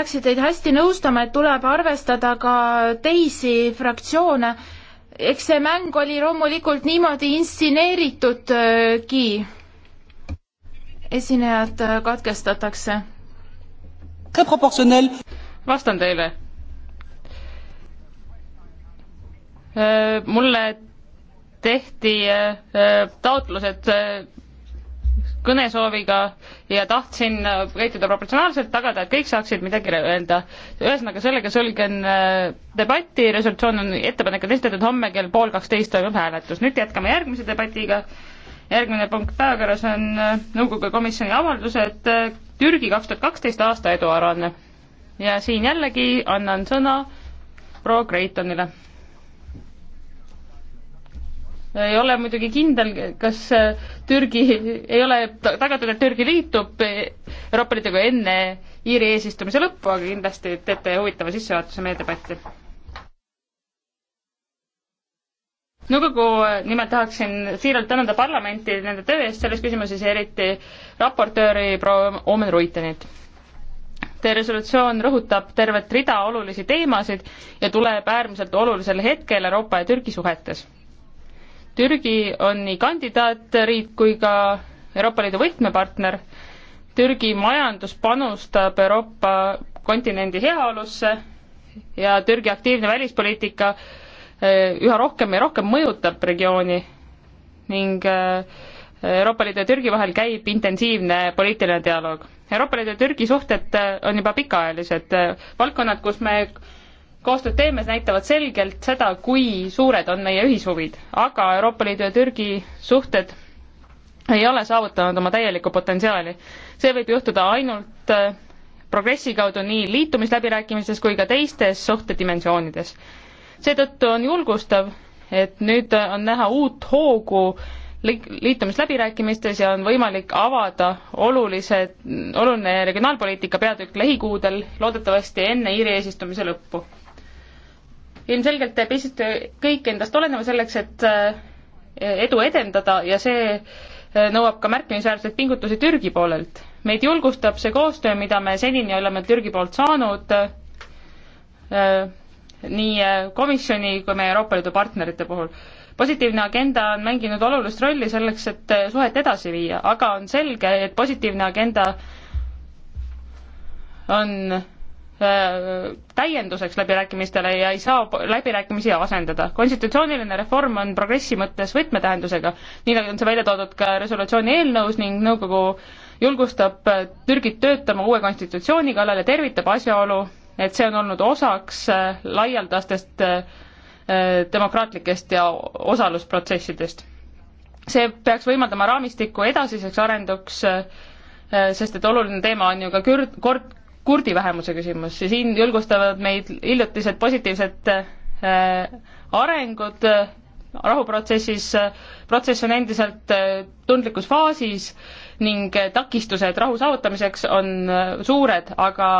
peaksin teid hästi nõustama, et tuleb arvestada ka teisi fraktsioone. eks see mäng oli loomulikult niimoodi instineeritudki. esinejad katkestatakse. vastan teile. Äh, mulle tehti äh, äh, taotlused kõnesooviga ja tahtsin äh, käituda proportsionaalselt, tagada, et kõik saaksid midagi öelda. ühesõnaga, sellega sulgen äh, debati, resolutsioon on, ettepanek on esitatud, homme kell pool kaksteist toimub hääletus. nüüd jätkame järgmise debatiga. järgmine punkt päevakorras on äh, nõukogu komisjoni avaldused Türgi kaks tuhat kaksteist aasta eduaruanne. ja siin jällegi annan sõna proua Kreitonile ei ole muidugi kindel, kas äh, Türgi, ei ole tagatud, et Türgi liitub eh, Euroopa Liiduga enne Iiri eesistumise lõppu, aga kindlasti teete huvitava sissejuhatuse meie debatti. nõukogu äh, nimel tahaksin siiralt tänada parlamenti nende töö eest selles küsimuses ja eriti raportööri proua Omen Ruitenit. Teie resolutsioon rõhutab tervet rida olulisi teemasid ja tuleb äärmiselt olulisel hetkel Euroopa ja Türgi suhetes Türgi on nii kandidaatriik kui ka Euroopa Liidu võtmepartner. Türgi majandus panustab Euroopa kontinendi heaolusse ja Türgi aktiivne välispoliitika eh, üha rohkem ja rohkem mõjutab regiooni ning eh, Euroopa Liidu ja Türgi vahel käib intensiivne poliitiline dialoog. Euroopa Liidu ja Türgi suhted eh, on juba pikaajalised valdkonnad, kus me koostööd teemes, näitavad selgelt seda, kui suured on meie ühishuvid, aga Euroopa Liidu ja Türgi suhted ei ole saavutanud oma täielikku potentsiaali. see võib juhtuda ainult äh, progressi kaudu nii liitumisläbirääkimistes kui ka teistes suhtedimensioonides. seetõttu on julgustav, et nüüd on näha uut hoogu liitumisläbirääkimistes ja on võimalik avada olulise, oluline regionaalpoliitika peatükk lähikuudel, loodetavasti enne Iiri eesistumise lõppu ilmselgelt teeb esite kõik endast oleneva selleks, et äh, edu edendada ja see äh, nõuab ka märkimisväärseid pingutusi Türgi poolelt. meid julgustab see koostöö, mida me senini oleme Türgi poolt saanud, äh, nii komisjoni kui meie Euroopa Liidu partnerite puhul. positiivne agenda on mänginud olulist rolli selleks, et suhet edasi viia, aga on selge, et positiivne agenda on täienduseks läbirääkimistele ja ei saa läbirääkimisi asendada. konstitutsiooniline reform on progressi mõttes võtmetähendusega, nii nagu on see välja toodud ka resolutsiooni eelnõus ning nõukogu julgustab Türgit töötama uue konstitutsiooni kallal ja tervitab asjaolu, et see on olnud osaks äh, laialdastest äh, demokraatlikest ja osalusprotsessidest. see peaks võimaldama raamistikku edasiseks arenduks, äh, sest et oluline teema on ju ka kür-, kord kurdi vähemuse küsimus ja siin julgustavad meid hiljutised positiivsed äh, arengud äh, rahuprotsessis, äh, protsess on endiselt tundlikus faasis ning takistused rahu saavutamiseks on suured, aga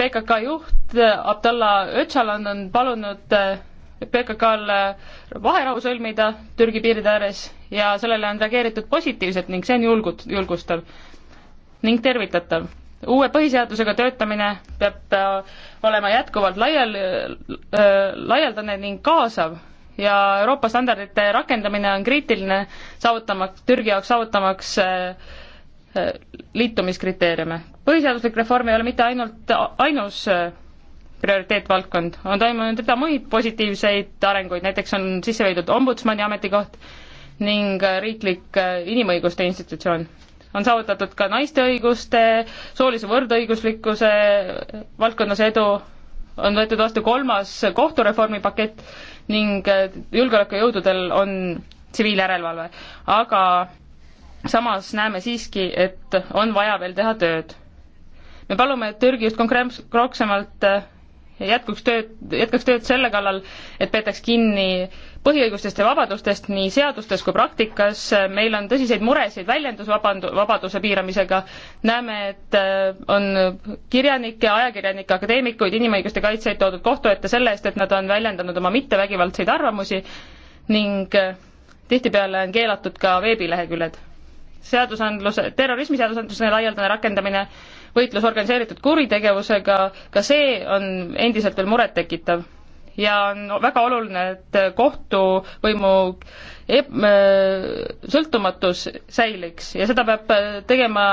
PKK juht Abdallah Öcalan on palunud PKK-l vaherahu sõlmida Türgi piiride ääres ja sellele on reageeritud positiivselt ning see on julgut-, julgustav ning tervitatav uue põhiseadusega töötamine peab äh, olema jätkuvalt laial, äh, laialdane ning kaasav ja Euroopa standardite rakendamine on kriitiline, saavutamaks, Türgi jaoks saavutamaks äh, liitumiskriteeriume. põhiseaduslik reform ei ole mitte ainult ainus prioriteetvaldkond, on toimunud rida muid positiivseid arenguid, näiteks on sisse viidud ombudsmani ametikoht ning riiklik inimõiguste institutsioon on saavutatud ka naiste õiguste, soolise võrdõiguslikkuse valdkonnas edu, on võetud vastu kolmas kohtureformi pakett ning julgeolekujõududel on tsiviiljärelevalve. aga samas näeme siiski, et on vaja veel teha tööd. me palume, et Türgi just konkreetsemalt jätkuks tööd, jätkaks tööd selle kallal, et peetaks kinni põhiõigustest ja vabadustest nii seadustes kui praktikas, meil on tõsiseid muresid väljendusvabandu-, vabaduse piiramisega, näeme, et äh, on kirjanikke, ajakirjanikke, akadeemikuid, inimõiguste kaitsjaid toodud kohtu ette selle eest, et nad on väljendanud oma mittevägivaldseid arvamusi ning äh, tihtipeale on keelatud ka veebileheküljed. seadusandluse, terrorismiseadusandluse laialdane rakendamine võitlus organiseeritud kuritegevusega, ka see on endiselt veel murettekitav. ja on väga oluline, et kohtuvõimu e sõltumatus säiliks ja seda peab äh, tegema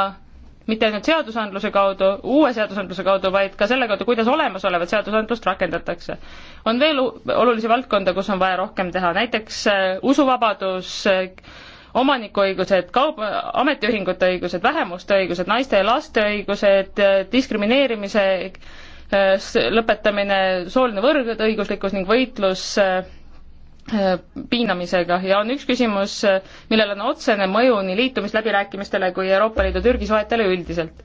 mitte ainult seadusandluse kaudu, uue seadusandluse kaudu, vaid ka selle kaudu, kuidas olemasolevat seadusandlust rakendatakse. on veel olulisi valdkonda, kus on vaja rohkem teha, näiteks äh, usuvabadus äh,, omanikuõigused, kaub-, ametiühingute õigused, vähemuste õigused, naiste ja laste õigused, diskrimineerimise eh, lõpetamine, sooline võrdõiguslikkus ning võitlus eh, eh, piinamisega ja on üks küsimus, millel on otsene mõju nii liitumisläbirääkimistele kui Euroopa Liidu Türgi suhetele üldiselt.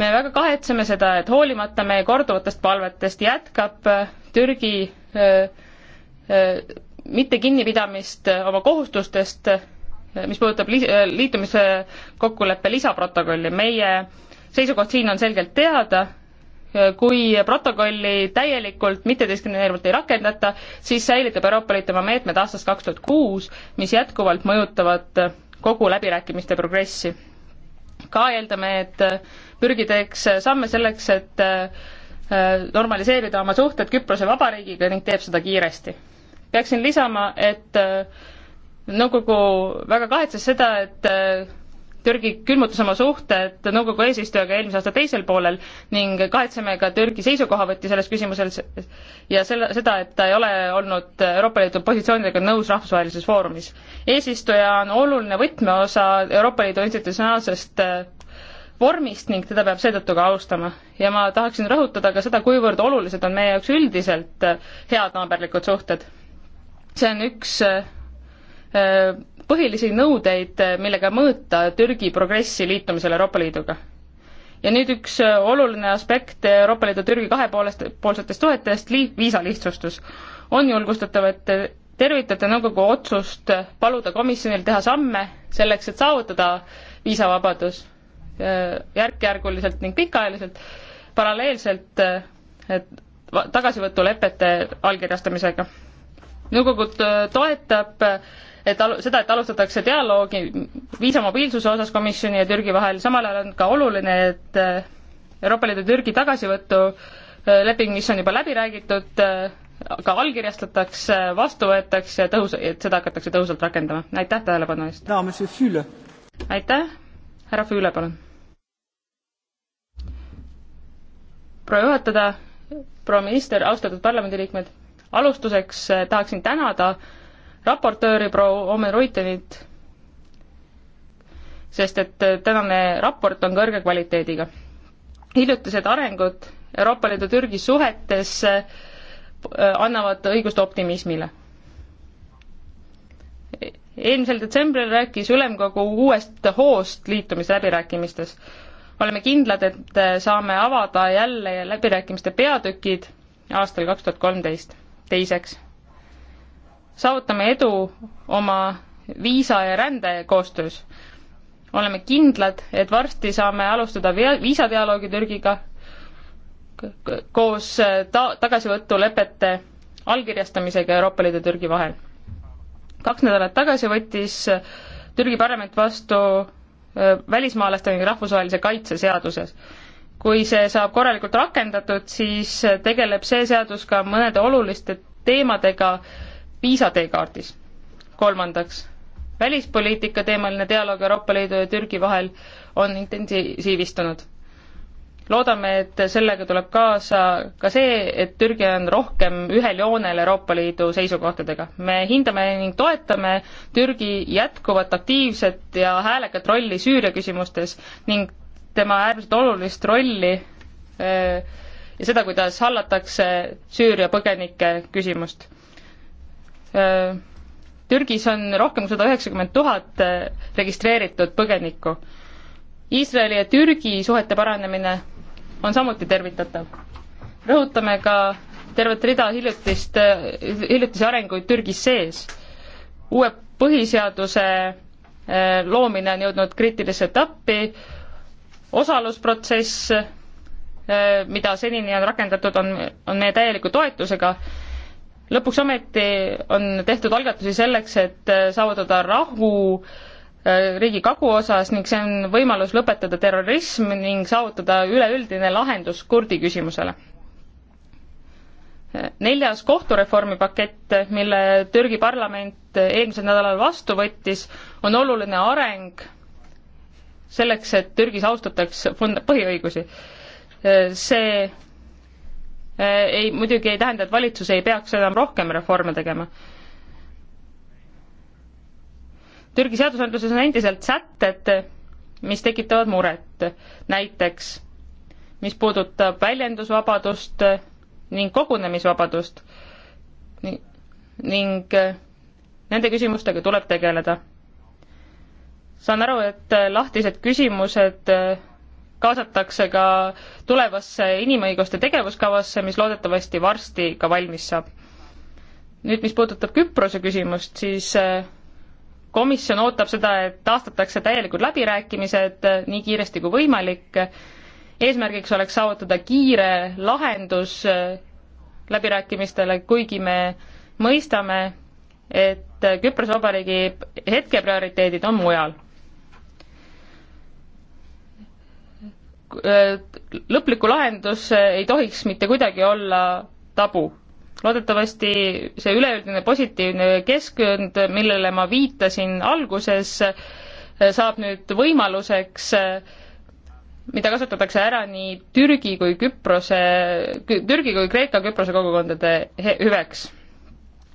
me väga kahetseme seda, et hoolimata meie korduvatest palvetest jätkab Türgi mitte kinnipidamist oma kohustustest mis puudutab li-, äh, liitumise kokkuleppe lisaprotokolli, meie seisukoht siin on selgelt teada, kui protokolli täielikult mittediskrimineerivalt ei rakendata, siis säilitab Euroopa Liit oma meetmed aastast kaks tuhat kuus, mis jätkuvalt mõjutavad kogu läbirääkimiste progressi. ka eeldame, et Türgi teeks samme selleks, et äh, normaliseerida oma suhted Küprose Vabariigiga ning teeb seda kiiresti. peaksin lisama, et äh, nõukogu väga kahetses seda, et äh, Türgi külmutas oma suhted nõukogu eesistujaga eelmise aasta teisel poolel ning kahetseme ka Türgi seisukohavõtti selles küsimuses ja selle, seda, et ta ei ole olnud Euroopa Liidu positsioonidega nõus rahvusvahelises foorumis. eesistuja on oluline võtmeosa Euroopa Liidu institutsionaalsest äh, vormist ning teda peab seetõttu ka austama. ja ma tahaksin rõhutada ka seda, kuivõrd olulised on meie jaoks üldiselt äh, head naaberlikud suhted. see on üks Äh, põhilisi nõudeid, äh, millega mõõta Türgi progressi liitumisel Euroopa Liiduga. ja nüüd üks äh, oluline aspekt Euroopa Liidu Türgi kahepoolest, poolsetest suhetest, viisalihtsustus. on julgustatav, et tervitate nõukogu otsust paluda komisjonil teha samme selleks, et saavutada viisavabadus järk-järguliselt ning pikaajaliselt, paralleelselt tagasivõtulepete allkirjastamisega. nõukogud toetab et alu-, seda, et alustatakse dialoogi viisamobiilsuse osas komisjoni ja Türgi vahel, samal ajal on ka oluline, et äh, Euroopa Liidu Türgi tagasivõtu äh, leping, mis on juba läbi räägitud, äh, ka allkirjastatakse, vastu võetakse ja tõhus, et seda hakatakse tõhusalt rakendama. aitäh tähelepanu eest! aitäh, härra Füüle, palun! proua juhatada, proua minister, austatud parlamendiliikmed, alustuseks tahaksin tänada äh, raportööri proua Omen Ruitenit, sest et äh, tänane raport on kõrge kvaliteediga. hiljutised arengud Euroopa Liidu Türgi suhetes äh, annavad õigust optimismile. eelmisel detsembril rääkis Ülemkogu uuest hoost liitumisläbirääkimistes. oleme kindlad, et äh, saame avada jälle läbirääkimiste peatükid aastal kaks tuhat kolmteist. teiseks saavutame edu oma viisa ja rände koostöös. oleme kindlad, et varsti saame alustada viisadialoogi Türgiga koos äh, ta-, tagasivõtulepete allkirjastamisega Euroopa Liidu ja Türgi vahel. kaks nädalat tagasi võttis äh, Türgi parlament vastu äh, välismaalaste ning rahvusvahelise kaitse seaduses. kui see saab korralikult rakendatud, siis tegeleb see seadus ka mõnede oluliste teemadega, viisa teekaardis. kolmandaks, välispoliitika teemaline dialoog Euroopa Liidu ja Türgi vahel on intensiivistunud. loodame, et sellega tuleb kaasa ka see, et Türgi on rohkem ühel joonel Euroopa Liidu seisukohtadega. me hindame ning toetame Türgi jätkuvat aktiivset ja häälekat rolli Süüria küsimustes ning tema äärmiselt olulist rolli ja seda, kuidas hallatakse Süüria põgenike küsimust Äh, Türgis on rohkem kui sada üheksakümmend tuhat äh, registreeritud põgenikku. Iisraeli ja Türgi suhete paranemine on samuti tervitatav. rõhutame ka tervet rida hiljutist, äh, hiljutisi arenguid Türgis sees. uue põhiseaduse loomine on jõudnud kriitilisse etappi, osalusprotsess, mida senini on rakendatud, on, on meie täieliku toetusega lõpuks ometi on tehtud algatusi selleks, et äh, saavutada rahu äh, riigi kaguosas ning see on võimalus lõpetada terrorism ning saavutada üleüldine lahendus kurdi küsimusele. Äh, neljas kohtureformi pakett, mille Türgi parlament eelmisel nädalal vastu võttis, on oluline areng selleks, et Türgis austataks põhiõigusi. see Äh, ei, muidugi ei tähenda, et valitsus ei peaks enam rohkem reforme tegema. Türgi seadusandluses on endiselt sätted, mis tekitavad muret, näiteks mis puudutab väljendusvabadust ning kogunemisvabadust ning, ning äh, nende küsimustega tuleb tegeleda. saan aru, et äh, lahtised küsimused kaasatakse ka tulevasse inimõiguste tegevuskavasse, mis loodetavasti varsti ka valmis saab. nüüd, mis puudutab Küprose küsimust, siis eh, komisjon ootab seda, et taastatakse täielikud läbirääkimised eh, nii kiiresti kui võimalik, eesmärgiks oleks saavutada kiire lahendus eh, läbirääkimistele, kuigi me mõistame, et Küprose Vabariigi hetke prioriteedid on mujal Äh, lõplikku lahendus äh, ei tohiks mitte kuidagi olla tabu. loodetavasti see üleüldine positiivne keskkond, millele ma viitasin alguses, äh, saab nüüd võimaluseks, mida kasutatakse ära nii Türgi kui Küprose, Türgi kui Kreeka Küprose kogukondade hüveks.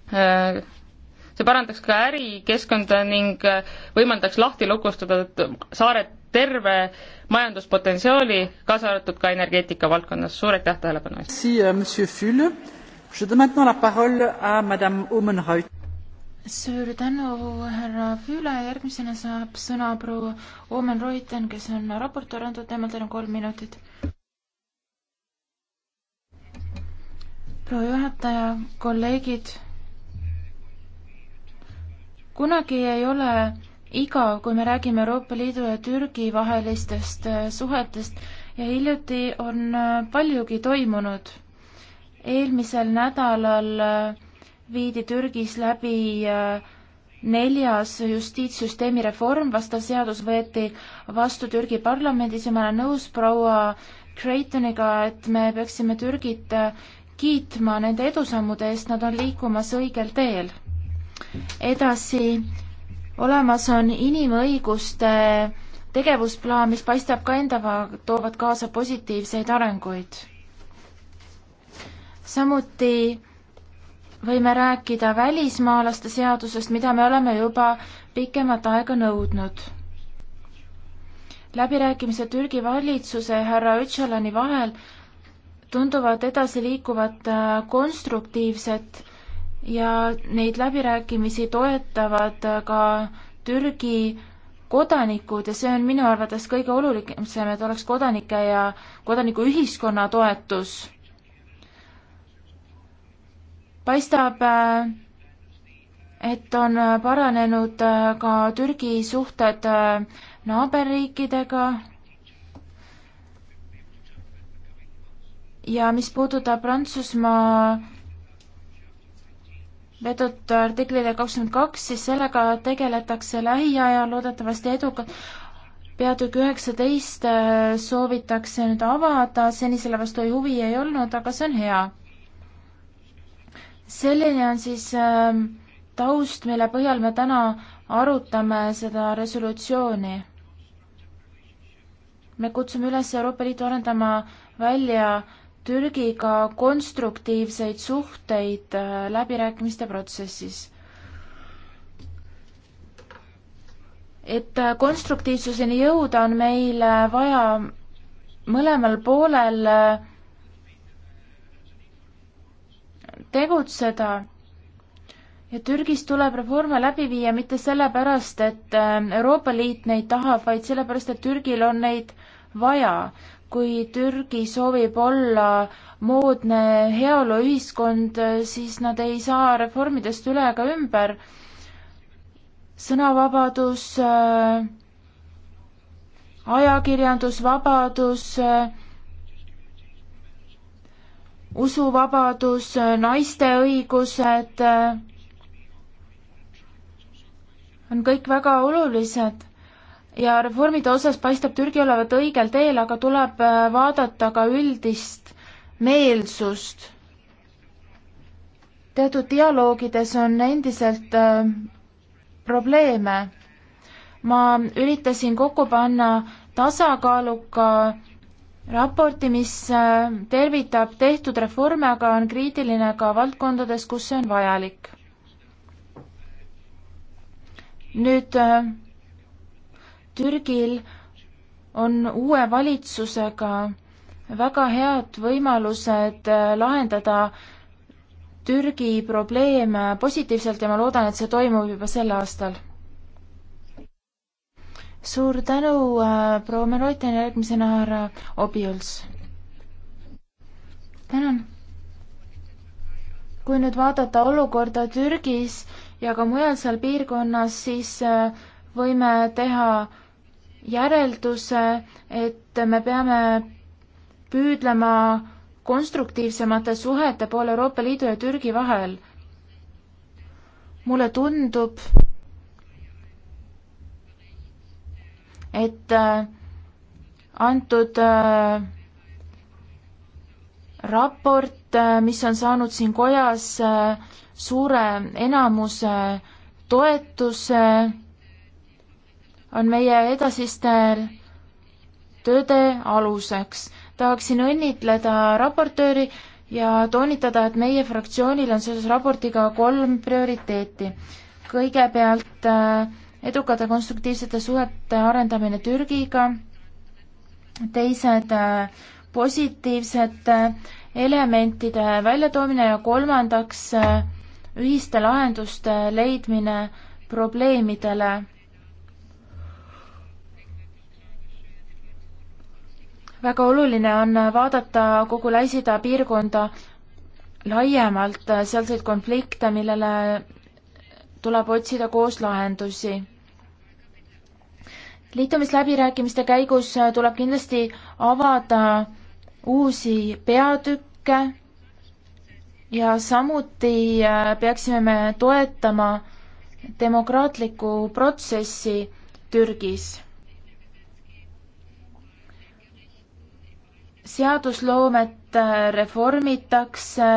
see parandaks ka ärikeskkonda ning võimaldaks lahti lukustada saaret terve majanduspotentsiaali, kaasa arvatud ka energeetika valdkonnas. suur aitäh tähelepanu eest! Euh, suur tänu, härra Füüle, järgmisena saab sõna proua Omen Reuten, kes on raportöör antud teemal, teil on kolm minutit. proua juhataja, kolleegid, kunagi ei ole iga, kui me räägime Euroopa Liidu ja Türgi vahelistest äh, suhetest ja hiljuti on äh, paljugi toimunud. eelmisel nädalal äh, viidi Türgis läbi neljas justiitssüsteemi reform, vastav seadus võeti vastu Türgi parlamendis ja ma olen nõus proua Creightoniga, et me peaksime Türgit kiitma nende edusammude eest, nad on liikumas õigel teel. edasi olemas on inimõiguste tegevusplaan, mis paistab ka endaga, toovad kaasa positiivseid arenguid. samuti võime rääkida välismaalaste seadusest, mida me oleme juba pikemat aega nõudnud. läbirääkimised Türgi valitsuse härra Öcalani vahel tunduvad edasiliikuvat äh, konstruktiivset ja neid läbirääkimisi toetavad ka Türgi kodanikud ja see on minu arvates kõige olulisem, et oleks kodanike ja kodanikuühiskonna toetus. paistab, äh, et on paranenud äh, ka Türgi suhted äh, naaberriikidega. ja mis puudutab Prantsusmaa vetot artiklile kakskümmend kaks, siis sellega tegeletakse lähiajal loodetavasti edukalt. peatükk üheksateist äh, soovitakse nüüd avada, seni selle vastu huvi ei olnud, aga see on hea. selline on siis ähm, taust, mille põhjal me täna arutame seda resolutsiooni. me kutsume üles Euroopa Liitu arendama välja Türgiga konstruktiivseid suhteid äh, läbirääkimiste protsessis. et äh, konstruktiivsuseni jõuda, on meil äh, vaja mõlemal poolel tegutseda ja Türgis tuleb reforme läbi viia mitte sellepärast, et Euroopa Liit neid tahab, vaid sellepärast, et Türgil on neid vaja kui Türgi soovib olla moodne heaoluühiskond, siis nad ei saa reformidest üle ega ümber. sõnavabadus, äh, ajakirjandusvabadus, äh, usuvabadus, äh, naiste õigused on kõik väga olulised ja reformide osas paistab Türgi olevat õigel teel, aga tuleb äh, vaadata ka üldist meelsust. teatud dialoogides on endiselt äh, probleeme. ma üritasin kokku panna tasakaaluka raporti, mis äh, tervitab tehtud reforme, aga on kriitiline ka valdkondades, kus see on vajalik. nüüd äh, Türgil on uue valitsusega väga head võimalused äh, lahendada Türgi probleeme positiivselt ja ma loodan, et see toimub juba sel aastal. suur tänu äh,, proua Meroitin, järgmisena härra Obiuls. tänan. kui nüüd vaadata olukorda Türgis ja ka mujal seal piirkonnas, siis äh, võime teha äh, järelduse, et me peame püüdlema konstruktiivsemate suhete poole Euroopa Liidu ja Türgi vahel. mulle tundub, et äh, antud äh, raport, äh, mis on saanud siin kojas suure enamuse toetuse, on meie edasistel tööde aluseks. tahaksin õnnitleda raportööri ja toonitada, et meie fraktsioonil on selles raportiga kolm prioriteeti. kõigepealt äh, edukate konstruktiivsete suhete arendamine Türgiga, teised äh, positiivsete äh, elementide väljatoomine ja kolmandaks ühiste lahenduste leidmine probleemidele väga oluline on vaadata kogu Lähis-Ida piirkonda laiemalt, sealseid konflikte, millele tuleb otsida koos lahendusi. liitumisläbirääkimiste käigus tuleb kindlasti avada uusi peatükke ja samuti äh, peaksime me toetama demokraatlikku protsessi Türgis seadusloomet äh, reformitakse,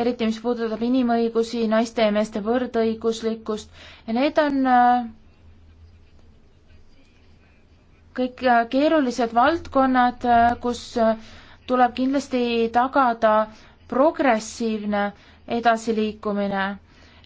eriti mis puudutab inimõigusi, naiste ja meeste võrdõiguslikkust ja need on äh, kõik äh, keerulised valdkonnad, kus tuleb kindlasti tagada progressiivne edasiliikumine.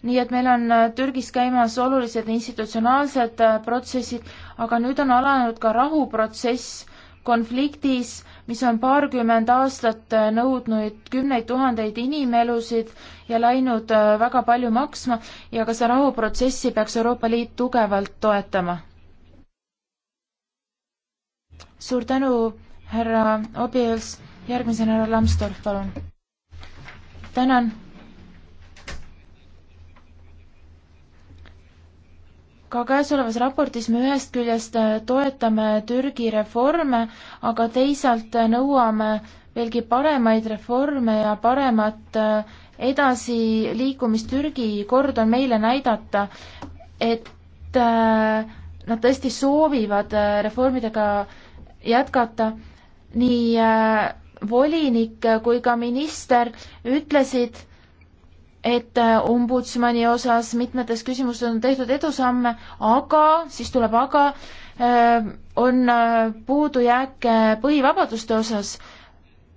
nii et meil on Türgis käimas olulised institutsionaalsed protsessid, aga nüüd on alanud ka rahuprotsess konfliktis mis on paarkümmend aastat nõudnud kümneid tuhandeid inimelusid ja läinud äh, väga palju maksma ja ka seda rahuprotsessi peaks Euroopa Liit tugevalt toetama. suur tänu, härra Obiels, järgmisena härra Lambsdorff, palun. tänan ka käesolevas raportis me ühest küljest äh, toetame Türgi reforme, aga teisalt äh, nõuame veelgi paremaid reforme ja paremat äh, edasiliikumist. Türgi kord on meile näidata, et nad tõesti soovivad reformidega jätkata. nii volinik kui ka minister ütlesid, et äh, ombudsmani osas mitmetes küsimustes on tehtud edusamme, aga, siis tuleb aga, äh, on äh, puudujääke põhivabaduste osas.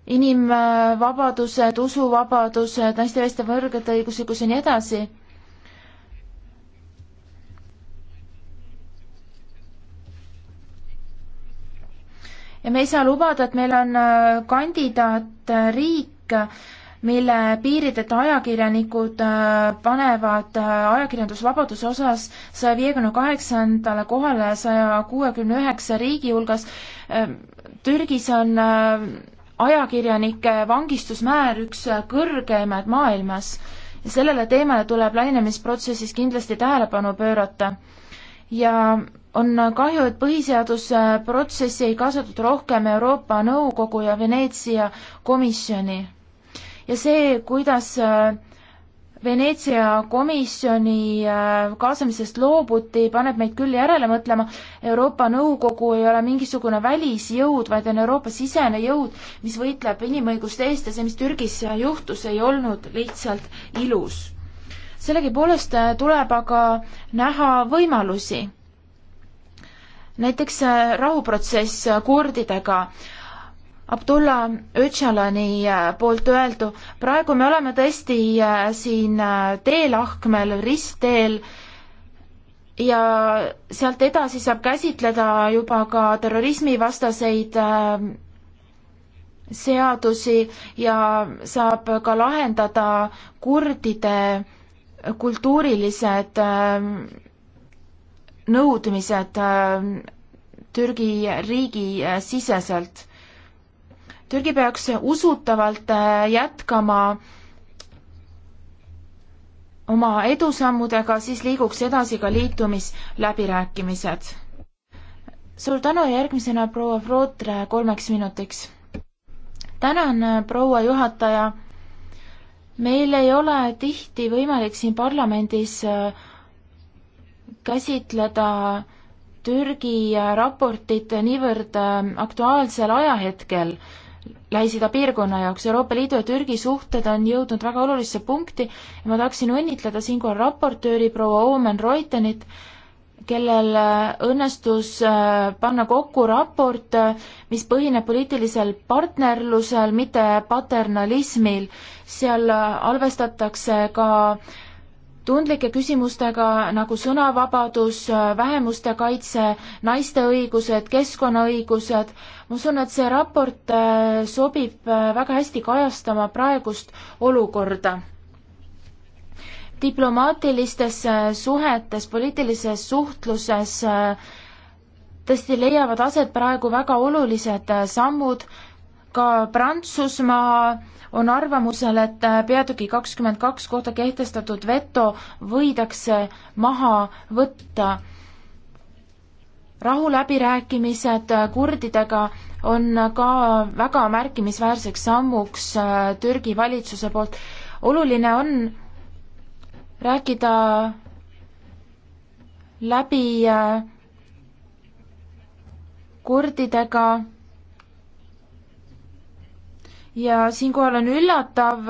inimvabadused, usuvabadused, naiste ja meeste võrdõiguslikkus ja nii edasi ja me ei saa lubada, et meil on kandidaatriik, mille piirideta ajakirjanikud äh, panevad äh, ajakirjandusvabaduse osas saja viiekümne kaheksandale kohale saja kuuekümne üheksa riigi hulgas. Ähm, Türgis on äh, ajakirjanike vangistusmäär üks kõrgeimaid maailmas ja sellele teemale tuleb laienemisprotsessis kindlasti tähelepanu pöörata. ja on kahju, et põhiseadusprotsessi ei kaasatud rohkem Euroopa Nõukogu ja Veneetsia komisjoni ja see, kuidas äh, Veneetsia komisjoni äh, kaasamisest loobuti, paneb meid küll järele mõtlema. Euroopa Nõukogu ei ole mingisugune välisjõud, vaid on Euroopa-sisene jõud, mis võitleb inimõiguste eest ja see, mis Türgis juhtus, ei olnud lihtsalt ilus. sellegipoolest äh, tuleb aga näha võimalusi. näiteks rahuprotsess kurdidega Abdullah Öcalani äh, poolt öeldu, praegu me oleme tõesti äh, siin äh, teelahkmel, ristteel ja sealt edasi saab käsitleda juba ka terrorismivastaseid seadusi ja saab ka lahendada kurdide kultuurilised nõudmised Türgi riigi siseselt Türgi peaks usutavalt äh, jätkama oma edusammudega, siis liiguks edasi ka liitumisläbirääkimised. suur tänu ja järgmisena proua Frootre kolmeks minutiks. tänan, äh, proua juhataja. meil ei ole tihti võimalik siin parlamendis äh, käsitleda Türgi raportit niivõrd aktuaalsel ajahetkel Lähis-Ida piirkonna jaoks. Euroopa Liidu ja Türgi suhted on jõudnud väga olulisse punkti ja ma tahaksin õnnitleda siinkohal raportööri proua Oomen Reutenit, kellel äh, õnnestus äh, panna kokku raport, äh, mis põhineb poliitilisel partnerlusel, mitte paternalismil. seal arvestatakse ka äh, tundlike küsimustega nagu sõnavabadus, vähemuste kaitse, naiste õigused, keskkonnaõigused. ma usun, et see raport äh, sobib äh, väga hästi kajastama praegust olukorda. diplomaatilistes äh, suhetes, poliitilises suhtluses tõesti leiavad aset praegu väga olulised sammud ka Prantsusmaa on arvamusel, et peatüki kakskümmend kaks kohta kehtestatud veto võidakse maha võtta. rahuläbirääkimised kurdidega on ka väga märkimisväärseks sammuks äh, Türgi valitsuse poolt. oluline on rääkida läbi äh, kurdidega ja siinkohal on üllatav,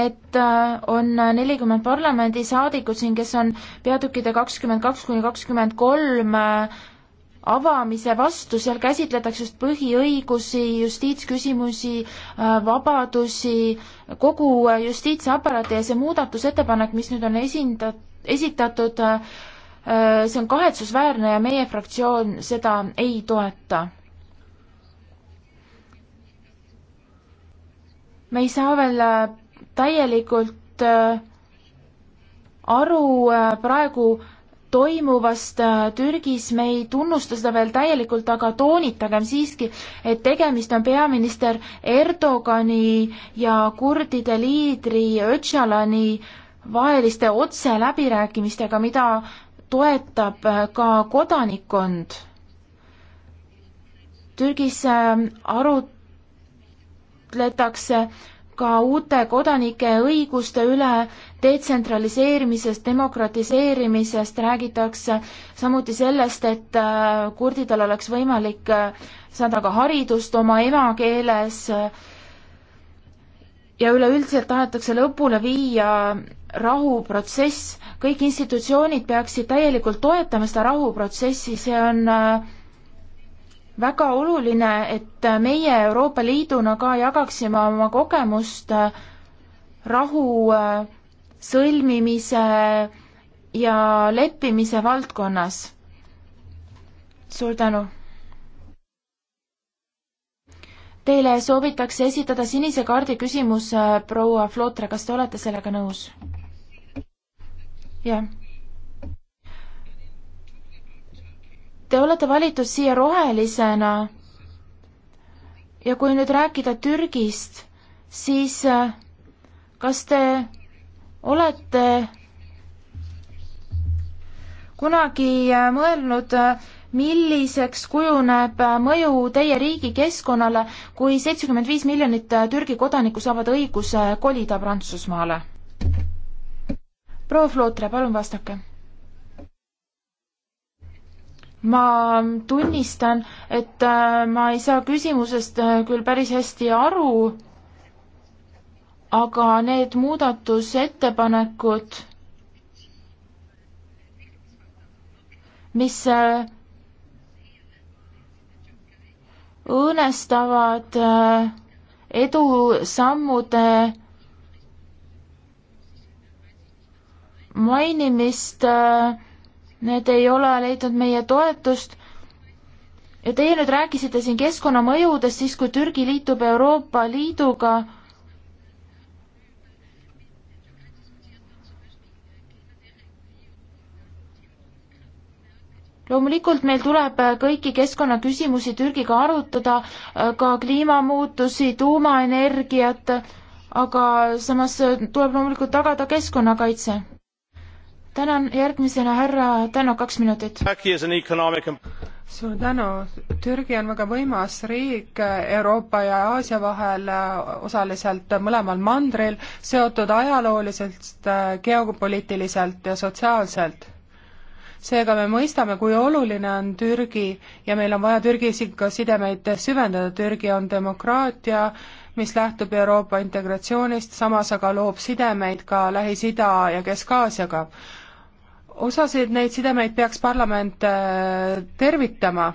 et äh, on nelikümmend parlamendisaadikut siin, kes on peatükkide kakskümmend kaks kuni kakskümmend kolm äh, avamise vastu, seal käsitletakse just põhiõigusi, justiitsküsimusi, äh, vabadusi, kogu justiitsaparaati ja see muudatusettepanek, mis nüüd on esinda-, esitatud, see on kahetsusväärne ja meie fraktsioon seda ei toeta me ei saa veel äh, täielikult äh, aru äh, praegu toimuvast Türgis, me ei tunnusta seda veel täielikult, aga toonitagem siiski, et tegemist on peaminister Erdogani ja kurdide liidri Öcalani vaheliste otseläbirääkimistega, mida toetab ka kodanikkond. Türgis arut-, arutletakse ka uute kodanike õiguste üle, detsentraliseerimisest, demokratiseerimisest räägitakse, samuti sellest, et äh, kurdidel oleks võimalik äh, saada ka haridust oma emakeeles ja üleüldiselt tahetakse lõpule viia rahuprotsess, kõik institutsioonid peaksid täielikult toetama seda rahuprotsessi, see on äh, väga oluline, et meie Euroopa Liiduna ka jagaksime oma kogemust rahu sõlmimise ja leppimise valdkonnas. suur tänu! Teile soovitakse esitada sinise kaardi küsimus, äh, proua Flotre, kas te olete sellega nõus? jah Te olete valitud siia rohelisena. ja kui nüüd rääkida Türgist, siis äh, kas te olete kunagi äh, mõelnud äh, milliseks kujuneb mõju teie riigi keskkonnale, kui seitsekümmend viis miljonit Türgi kodanikku saavad õiguse kolida Prantsusmaale? proua Flootre, palun vastake ma tunnistan, et äh, ma ei saa küsimusest äh, küll päris hästi aru, aga need muudatusettepanekud, mis äh, õõnestavad edusammude mainimist äh, need ei ole leidnud meie toetust. ja teie nüüd rääkisite siin keskkonnamõjudest siis, kui Türgi liitub Euroopa Liiduga. loomulikult meil tuleb kõiki keskkonnaküsimusi Türgiga arutada, ka kliimamuutusi, tuumaenergiat, aga samas tuleb loomulikult tagada keskkonnakaitse tänan, järgmisena härra Tänak, kaks minutit. suur tänu. Türgi on väga võimas riik Euroopa ja Aasia vahel, osaliselt mõlemal mandril, seotud ajalooliselt, geopoliitiliselt ja sotsiaalselt. seega me mõistame, kui oluline on Türgi ja meil on vaja Türgi isikuga sidemeid süvendada, Türgi on demokraatia, mis lähtub Euroopa integratsioonist, samas aga loob sidemeid ka Lähis-Ida ja Kesk-Aasiaga osasid neid sidemeid peaks parlament äh, tervitama.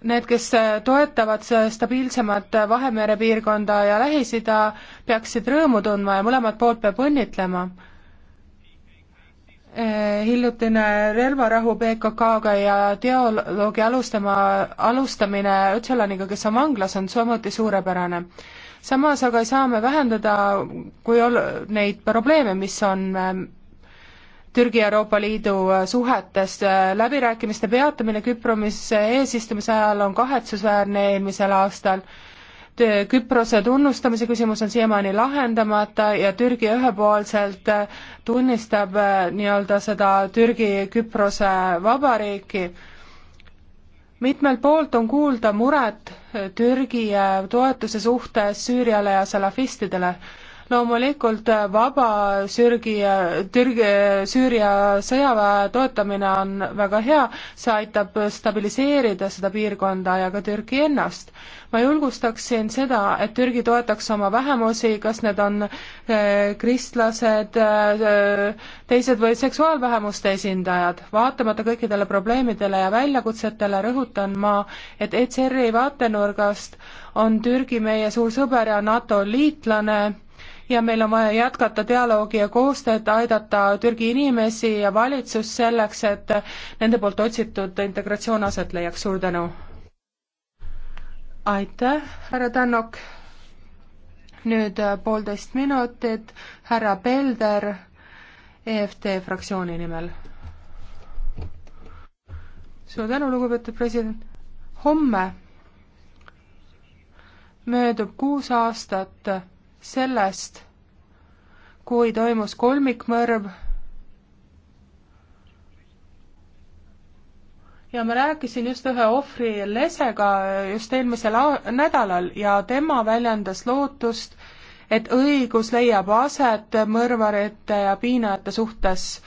Need, kes äh, toetavad äh, stabiilsemat Vahemere piirkonda ja Lähis-Ida, peaksid rõõmu tundma ja mõlemalt poolt peab õnnitlema. hiljutine relvarahu PKK-ga ja dialoogi alustama, alustamine Öcalaniga, kes on vanglas, on samuti suurepärane samas aga ei saa me vähendada, kui ol-, neid probleeme, mis on ähm, Türgi Euroopa Liidu äh, suhetes äh, läbirääkimiste peatamine Küpromis äh, eesistumise ajal on kahetsusväärne eelmisel aastal. Küprose tunnustamise küsimus on siiamaani lahendamata ja Türgi ühepoolselt tunnistab nii-öelda seda Türgi-Küprose vabariiki mitmelt poolt on kuulda muret Türgi äh, toetuse suhtes Süüriale ja salafistidele loomulikult vaba Sürgi, Türgi, Süüria sõjaväe toetamine on väga hea, see aitab stabiliseerida seda piirkonda ja ka Türgi ennast. ma julgustaksin seda, et Türgi toetaks oma vähemusi, kas need on eh, kristlased, eh, teised või seksuaalvähemuste esindajad. vaatamata kõikidele probleemidele ja väljakutsetele rõhutan ma, et ECR-i vaatenurgast on Türgi meie suur sõber ja NATO liitlane ja meil on vaja jätkata dialoogi ja koostööd, aidata Türgi inimesi ja valitsust selleks, et nende poolt otsitud integratsioon aset leiaks, suur tänu! aitäh, härra Tannok! nüüd äh, poolteist minutit, härra Pelder EFT fraktsiooni nimel. suur tänu, lugupeetud president. homme möödub kuus aastat sellest, kui toimus kolmikmõrv. ja ma rääkisin just ühe ohvri lesega just eelmisel nädalal ja tema väljendas lootust, et õigus leiab aset mõrvarite ja piinajate suhtes.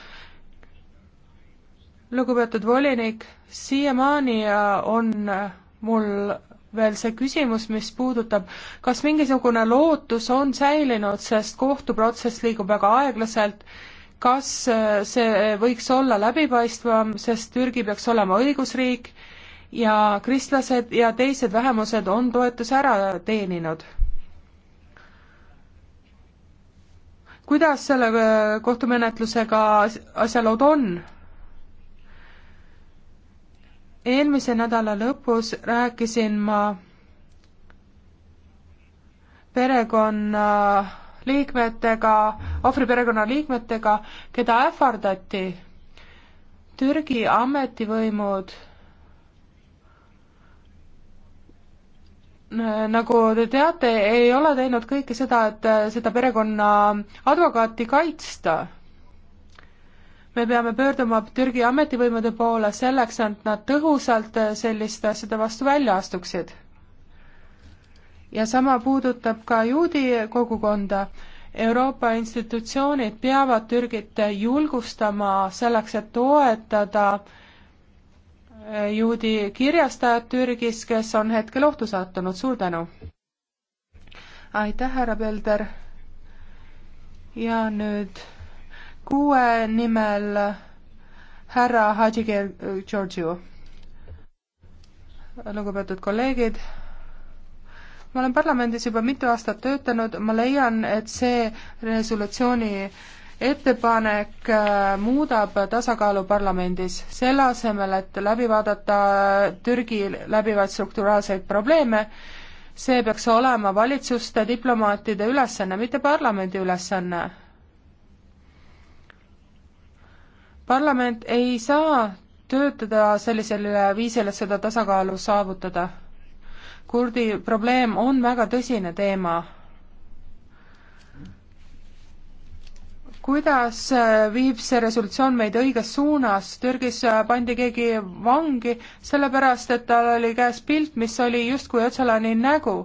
lugupeetud volinik, siiamaani on mul veel see küsimus, mis puudutab, kas mingisugune lootus on säilinud, sest kohtuprotsess liigub väga aeglaselt, kas äh, see võiks olla läbipaistvam, sest Türgi peaks olema õigusriik ja kristlased ja teised vähemused on toetuse ära teeninud? kuidas selle äh, kohtumenetlusega asjalood on? eelmise nädala lõpus rääkisin ma perekonna liikmetega, ohvriperekonna liikmetega, keda ähvardati. Türgi ametivõimud nagu te teate, ei ole teinud kõike seda, et seda perekonna advokaati kaitsta me peame pöörduma Türgi ametivõimude poole selleks, et nad tõhusalt selliste asjade vastu välja astuksid. ja sama puudutab ka juudi kogukonda. Euroopa institutsioonid peavad Türgit julgustama selleks, et toetada juudi kirjastajad Türgis, kes on hetkel ohtu sattunud. suur tänu! aitäh, härra Pelder! ja nüüd kuue nimel härra Hadži Georgiou. lugupeetud kolleegid, ma olen parlamendis juba mitu aastat töötanud, ma leian, et see resolutsiooni ettepanek äh, muudab tasakaalu parlamendis. selle asemel, et läbi vaadata Türgi läbivaid strukturaalseid probleeme, see peaks olema valitsuste, diplomaatide ülesanne, mitte parlamendi ülesanne parlament ei saa töötada sellisel viisil, et seda tasakaalu saavutada. kurdi probleem on väga tõsine teema. kuidas äh, viib see resolutsioon meid õiges suunas, Türgis äh, pandi keegi vangi sellepärast, et tal oli käes pilt, mis oli justkui Öcalani nägu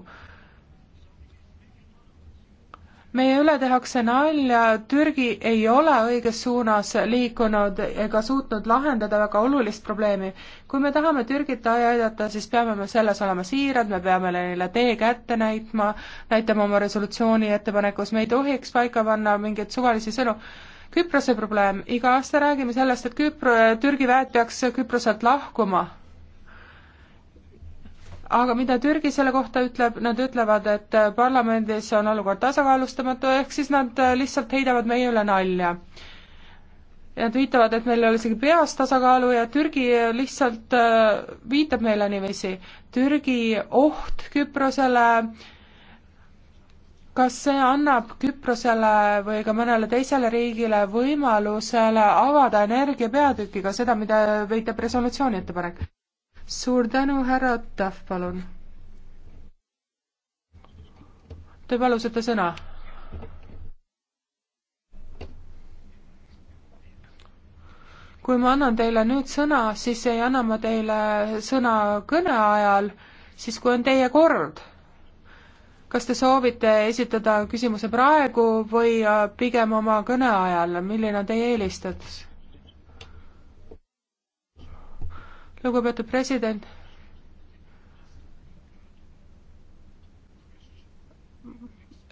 meie üle tehakse nalja, Türgi ei ole õiges suunas liikunud ega suutnud lahendada väga olulist probleemi. kui me tahame Türgit aidata, siis peame me selles olema siirad, me peame neile tee kätte näitma, näitama oma resolutsiooni ettepanekus, me ei tohiks paika panna mingeid suvalisi sõnu. Küprose probleem, iga aasta räägime sellest, et Küpro, Türgi väed peaks Küproselt lahkuma aga mida Türgi selle kohta ütleb, nad ütlevad, et parlamendis on olukord tasakaalustamatu, ehk siis nad äh, lihtsalt heidavad meie üle nalja. Nad viitavad, et meil ei ole isegi peas tasakaalu ja Türgi lihtsalt äh, viitab meile niiviisi. Türgi oht Küprosele, kas see annab Küprosele või ka mõnele teisele riigile võimalusele avada energiapeatükiga seda, mida viitab resolutsiooni ettepanek? suur tänu, härra Tahv, palun. Te palusite sõna? kui ma annan teile nüüd sõna, siis ei anna ma teile sõna kõne ajal, siis kui on teie kord. kas te soovite esitada küsimuse praegu või pigem oma kõne ajal, milline on teie eelistatus? lugupeetud president,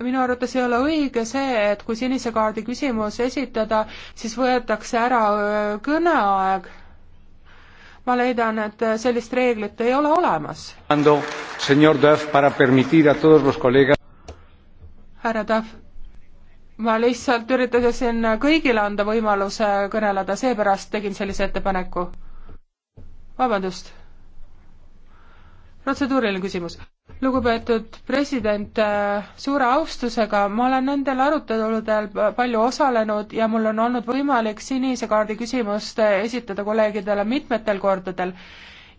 minu arvates ei ole õige see, et kui sinise kaardi küsimus esitada, siis võetakse ära äh, kõneaeg. ma leidan, et äh, sellist reeglit ei ole olemas. härra Tahv, ma lihtsalt üritasin kõigile anda võimaluse kõneleda, seepärast tegin sellise ettepaneku vabandust. protseduuriline küsimus. lugupeetud president, äh, suure austusega, ma olen nendel aruteludel palju osalenud ja mul on olnud võimalik sinise kaardi küsimust äh, esitada kolleegidele mitmetel kordadel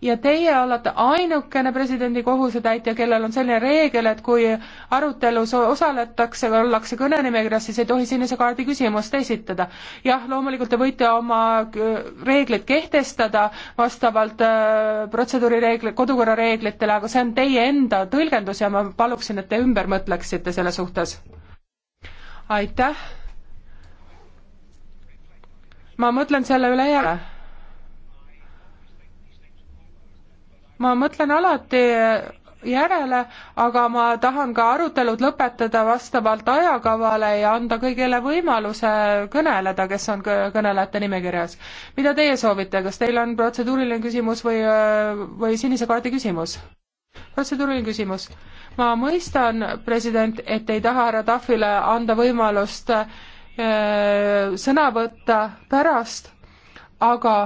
ja teie olete ainukene presidendi kohusetäitja, kellel on selline reegel, et kui arutelus osaletakse, ollakse kõnenimekirjas, siis ei tohi sinise kaardi küsimust esitada. jah, loomulikult te võite oma äh, reeglid kehtestada vastavalt äh, protseduurireegli, kodukorra reeglitele, aga see on teie enda tõlgendus ja ma paluksin, et te ümber mõtleksite selle suhtes. aitäh. ma mõtlen selle üle järele ma mõtlen alati järele, aga ma tahan ka arutelud lõpetada vastavalt ajakavale ja anda kõigile võimaluse kõneleda, kes on kõnelejate nimekirjas. mida teie soovite, kas teil on protseduuriline küsimus või, või sinise kaardi küsimus? protseduuriline küsimus. ma mõistan, president, et ei taha härra Tahvile anda võimalust äh, sõna võtta pärast, aga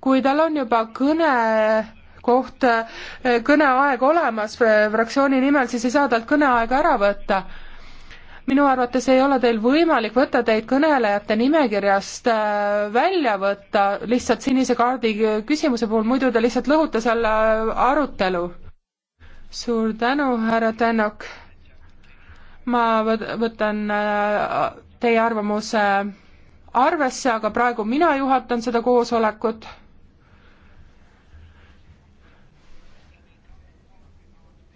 kui tal on juba kõne koht eh, kõneaeg olemas eh, fraktsiooni nimel, siis ei saa talt kõneaega ära võtta. minu arvates ei ole teil võimalik võtta teid kõnelejate nimekirjast eh, välja võtta lihtsalt sinise kaardi küsimuse puhul, muidu te lihtsalt lõhute selle arutelu. suur tänu, härra Tänok. ma võtan teie arvamuse arvesse, aga praegu mina juhatan seda koosolekut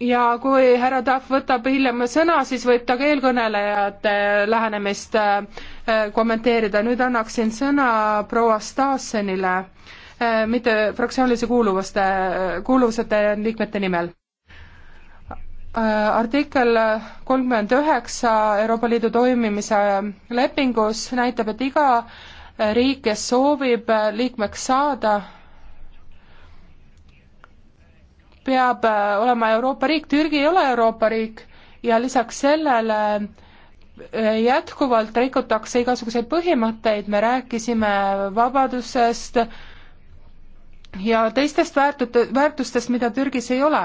ja kui härra Tahv võtab hiljem sõna, siis võib ta ka eelkõnelejate lähenemist äh, äh, kommenteerida. nüüd annaksin sõna proua Stassenile, äh, mitte fraktsioonilise kuuluvuste, kuuluvusete liikmete nimel. Artikkel kolmkümmend üheksa Euroopa Liidu toimimise lepingus näitab, et iga riik, kes soovib liikmeks saada, peab äh, olema Euroopa riik, Türgi ei ole Euroopa riik ja lisaks sellele äh, jätkuvalt rikutakse igasuguseid põhimõtteid, me rääkisime vabadusest ja teistest väärtute, väärtustest, mida Türgis ei ole.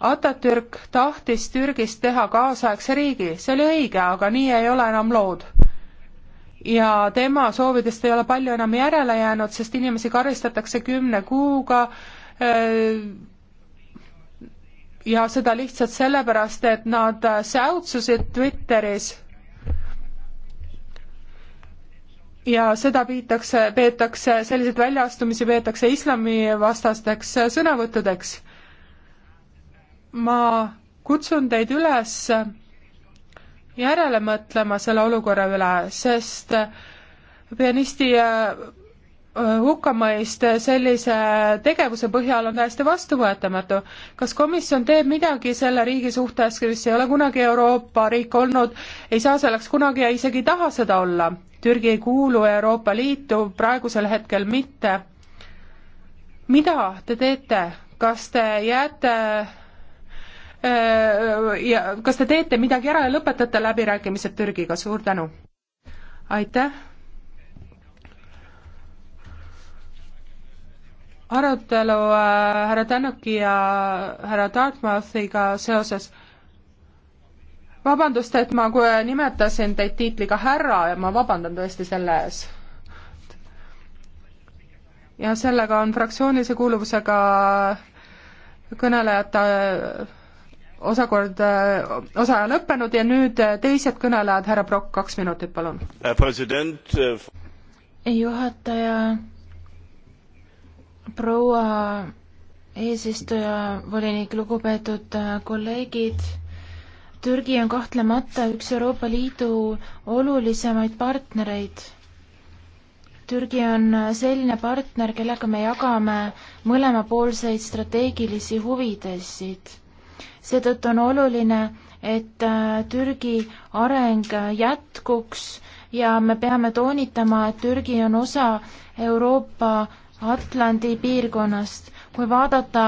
Atatürk tahtis Türgist teha kaasaegse riigi, see oli õige, aga nii ei ole enam lood. ja tema soovidest ei ole palju enam järele jäänud, sest inimesi karistatakse kümne kuuga äh,, Äh, ja seda lihtsalt sellepärast, et nad säutsusid Twitteris. ja seda piitakse, peetakse, selliseid väljaastumisi peetakse islamivastasteks sõnavõttudeks. ma kutsun teid üles järele mõtlema selle olukorra üle, sest pianisti äh, Äh, hukkamõist sellise tegevuse põhjal on täiesti vastuvõetamatu. kas komisjon teeb midagi selle riigi suhtes, kes ei ole kunagi Euroopa riik olnud, ei saa selleks kunagi ja isegi ei taha seda olla? Türgi ei kuulu Euroopa Liitu, praegusel hetkel mitte. mida te teete, kas te jääte äh, ja kas te teete midagi ära ja lõpetate läbirääkimised Türgiga, suur tänu! aitäh! arutelu äh, härra Tänuki ja härra Dartmouthiga seoses. vabandust, et ma nimetasin teid tiitliga härra ja ma vabandan tõesti selle ees. ja sellega on fraktsioonilise kuuluvusega kõnelejate osakord, äh, osa lõppenud ja nüüd äh, teised kõnelejad, härra Prokk, kaks minutit, palun. president. juhataja proua eesistuja, volinik, lugupeetud äh, kolleegid. Türgi on kahtlemata üks Euroopa Liidu olulisemaid partnereid. Türgi on äh, selline partner, kellega me jagame mõlemapoolseid strateegilisi huvidesid. seetõttu on oluline, et äh, Türgi areng jätkuks ja me peame toonitama, et Türgi on osa Euroopa Atlandi piirkonnast. kui vaadata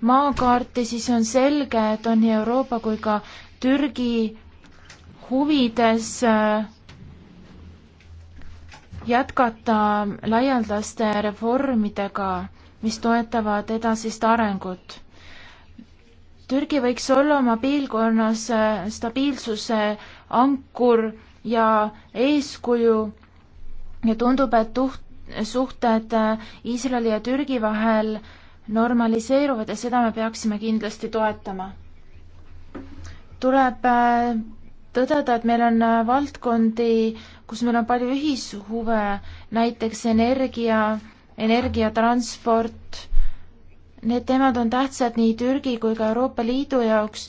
maakaarti, siis on selge, et on nii Euroopa kui ka Türgi huvides äh, jätkata laialdaste reformidega, mis toetavad edasist arengut. Türgi võiks olla oma piirkonnas äh, stabiilsuse ankur ja eeskuju ja tundub, et tuht-, suhted äh, Iisraeli ja Türgi vahel normaliseeruvad ja seda me peaksime kindlasti toetama. tuleb äh, tõdeda, et meil on äh, valdkondi, kus meil on palju ühishuve, näiteks energia, energiatransport, need teemad on tähtsad nii Türgi kui ka Euroopa Liidu jaoks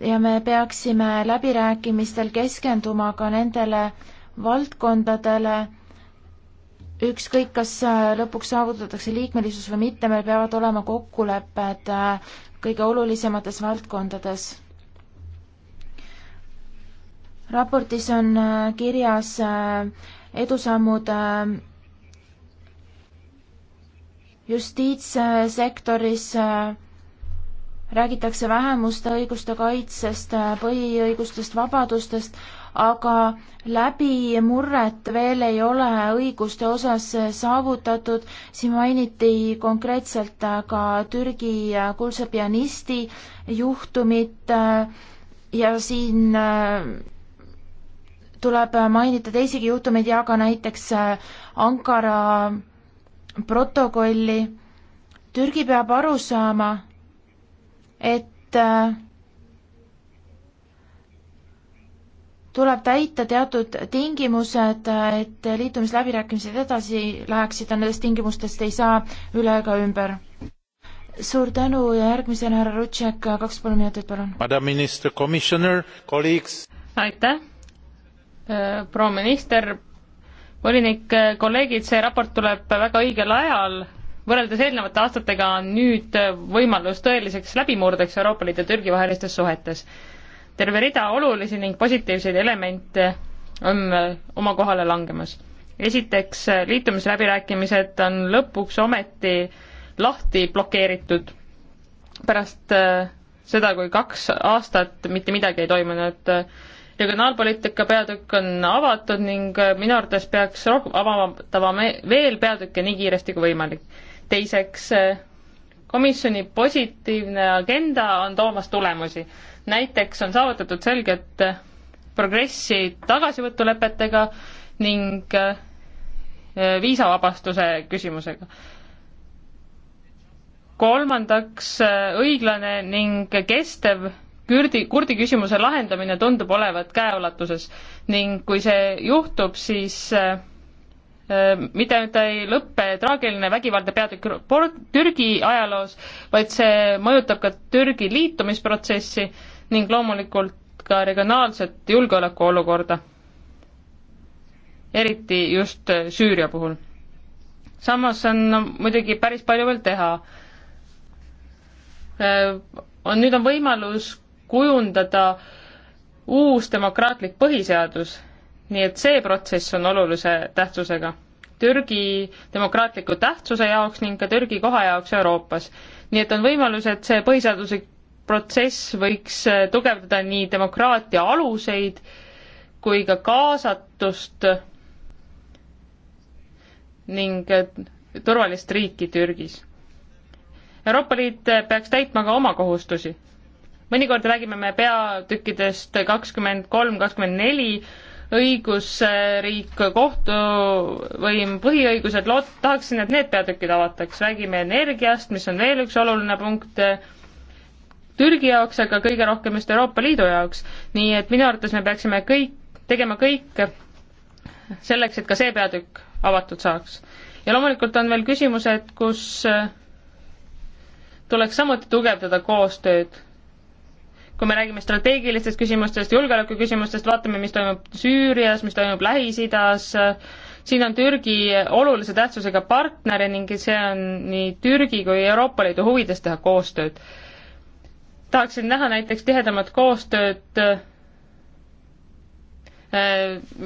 ja me peaksime läbirääkimistel keskenduma ka nendele valdkondadele ükskõik, kas äh, lõpuks saavutatakse liikmelisus või mitte, meil peavad olema kokkulepped äh, kõige olulisemates valdkondades. raportis on äh, kirjas edusammud justiitssektoris räägitakse vähemuste õiguste kaitsest, põhiõigustest, vabadustest, aga läbimurret veel ei ole õiguste osas saavutatud. siin mainiti konkreetselt ka Türgi kuulsa pianisti juhtumit äh, ja siin äh, tuleb mainida teisigi juhtumeid ja ka näiteks äh, Ankara protokolli. Türgi peab aru saama, et äh, tuleb täita teatud tingimused, et liitumisläbirääkimised edasi läheksid ja nendest tingimustest ei saa üle ega ümber. suur tänu ja järgmisena härra Rutšek, kaks pool minutit, palun. Madam minister, commissioner, colleagues. aitäh, äh, proua minister, volinik, äh, kolleegid, see raport tuleb väga õigel ajal võrreldes eelnevate aastatega on nüüd äh, võimalus tõeliseks läbimurdeks Euroopa Liidu ja Türgi vahelistes suhetes terve rida olulisi ning positiivseid elemente on oma kohale langemas. esiteks, liitumisläbirääkimised on lõpuks ometi lahti blokeeritud pärast äh, seda, kui kaks aastat mitte midagi ei toimunud. Äh, regionaalpoliitika peatükk on avatud ning äh, minu arvates peaks avama veel peatükke nii kiiresti kui võimalik. teiseks, komisjoni positiivne agenda on toomas tulemusi näiteks on saavutatud selget progressi tagasivõtulepetega ning äh, viisavabastuse küsimusega. kolmandaks, äh, õiglane ning kestev kürdi, kurdi küsimuse lahendamine tundub olevat käeulatuses ning kui see juhtub, siis äh, mitte ainult ei lõppe traagiline vägivaldne peatükk Türgi ajaloos, vaid see mõjutab ka Türgi liitumisprotsessi ning loomulikult ka regionaalset julgeolekuolukorda, eriti just Süüria puhul. samas on muidugi päris palju veel teha. on, nüüd on võimalus kujundada uus demokraatlik põhiseadus, nii et see protsess on olulise tähtsusega. Türgi demokraatliku tähtsuse jaoks ning ka Türgi koha jaoks Euroopas. nii et on võimalus, et see põhiseaduslik protsess võiks äh, tugevdada nii demokraatia aluseid kui ka kaasatust ning äh, turvalist riiki Türgis. Euroopa Liit äh, peaks täitma ka oma kohustusi. mõnikord räägime me peatükkidest kakskümmend kolm, kakskümmend neli, õigusriik, kohtuvõim, põhiõigused, loot-, tahaksin, et need peatükid avataks, räägime energiast, mis on veel üks oluline punkt, Türgi jaoks, aga kõige rohkem just Euroopa Liidu jaoks. nii et minu arvates me peaksime kõik, tegema kõik selleks, et ka see peatükk avatud saaks. ja loomulikult on veel küsimused, kus äh, tuleks samuti tugevdada koostööd. kui me räägime strateegilistest küsimustest, julgeolekuküsimustest, vaatame, mis toimub Süürias, mis toimub Lähis-Idas, äh, siin on Türgi olulise tähtsusega partner ning see on nii Türgi kui Euroopa Liidu huvides teha koostööd tahaksin näha näiteks tihedamat koostööd äh,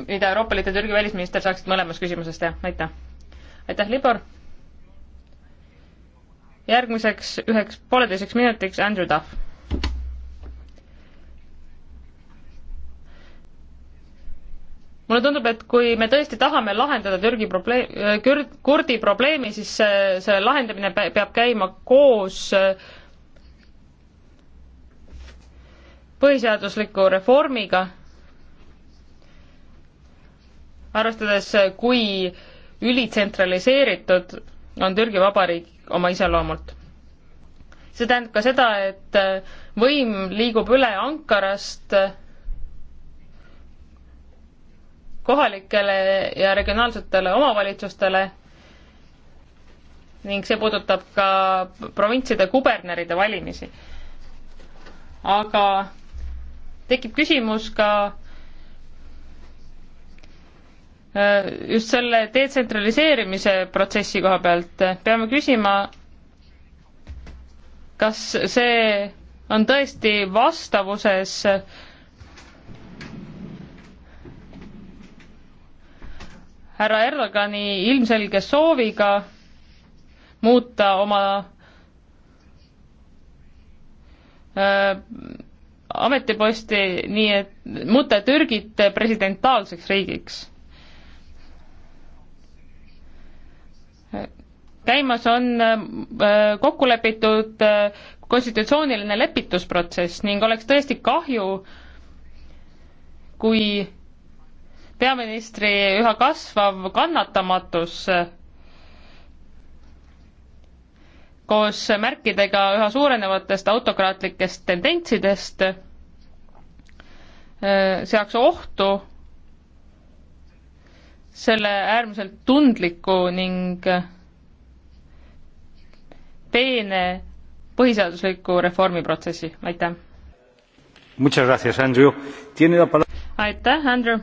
mida Euroopa Liidu Türgi välisminister saaksid mõlemas küsimuses teha, aitäh. aitäh, Libor. järgmiseks üheks pooleteiseks minutiks Andrew Duff. mulle tundub, et kui me tõesti tahame lahendada Türgi probleem, äh, kurdi probleemi, siis see, selle lahendamine peab käima koos äh, põhiseadusliku reformiga, arvestades, kui ülitsentraliseeritud on Türgi Vabariik oma iseloomult. see tähendab ka seda, et võim liigub üle Ankarast kohalikele ja regionaalsetele omavalitsustele ning see puudutab ka provintside kuberneride valimisi. aga tekib küsimus ka äh, just selle detsentraliseerimise protsessi koha pealt, peame küsima, kas see on tõesti vastavuses härra Erdogani ilmselge sooviga muuta oma öö, äh, ametiposti, nii et muuta Türgit presidentaalseks riigiks. käimas on äh, kokku lepitud äh, konstitutsiooniline lepitusprotsess ning oleks tõesti kahju, kui peaministri üha kasvav kannatamatus äh, koos märkidega üha suurenevatest autokraatlikest tendentsidest äh, seaks ohtu selle äärmiselt tundliku ning peene põhiseadusliku reformiprotsessi, aitäh. aitäh, Andrew.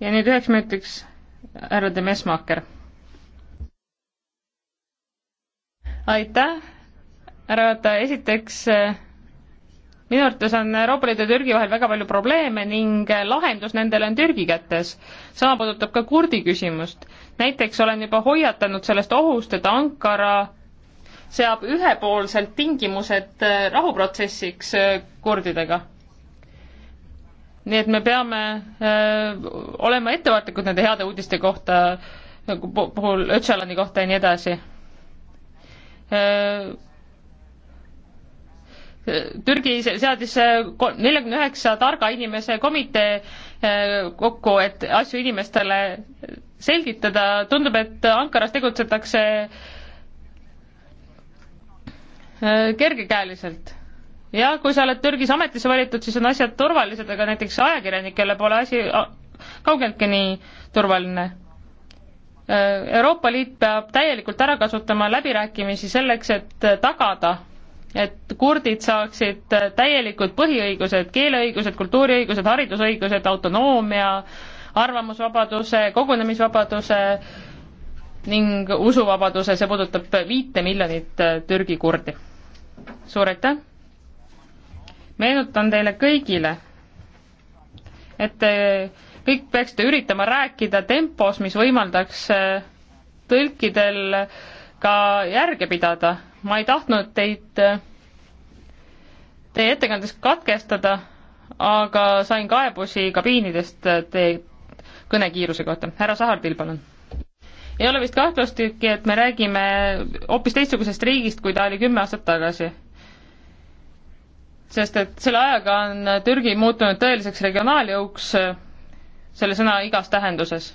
ja nüüd üheks minutiks härra Demesmaker aitäh, härra juhataja, esiteks eh, minu arvates on Euroopa Liidu ja Türgi vahel väga palju probleeme ning eh, lahendus nendele on Türgi kätes. sama puudutab ka kurdi küsimust. näiteks olen juba hoiatanud sellest ohust, et Ankara seab ühepoolselt tingimused eh, rahuprotsessiks kurdidega. nii et me peame öö, olema ettevaatlikud nende heade uudiste kohta, nagu puhul Öcalani kohta ja nii edasi Äh, äh, Türgi seadis äh, neljakümne üheksa targa inimese komitee kokku, et asju inimestele selgitada, tundub, et Ankaras tegutsetakse kergekäeliselt. ja kui sa oled Türgis ametisse valitud, siis on asjad turvalised, aga näiteks ajakirjanikele pole asi kaugeltki nii turvaline Äh, Euroopa Liit peab täielikult ära kasutama läbirääkimisi selleks, et äh, tagada, et kurdid saaksid äh, täielikud põhiõigused, keeleõigused, kultuuriõigused, haridusõigused, autonoomia, arvamusvabaduse, kogunemisvabaduse ning usuvabaduse, see puudutab viite miljonit Türgi kurdi. suur aitäh! meenutan teile kõigile, et kõik peaksite üritama rääkida tempos, mis võimaldaks äh, tõlkidel ka järge pidada. ma ei tahtnud teid, äh, teie ettekandes katkestada, aga sain kaebusi kabiinidest äh, teie kõnekiiruse kohta. härra Sahardil, palun. ei ole vist kahtlustki, et me räägime hoopis teistsugusest riigist, kui ta oli kümme aastat tagasi sest et selle ajaga on Türgi muutunud tõeliseks regionaaljõuks selle sõna igas tähenduses.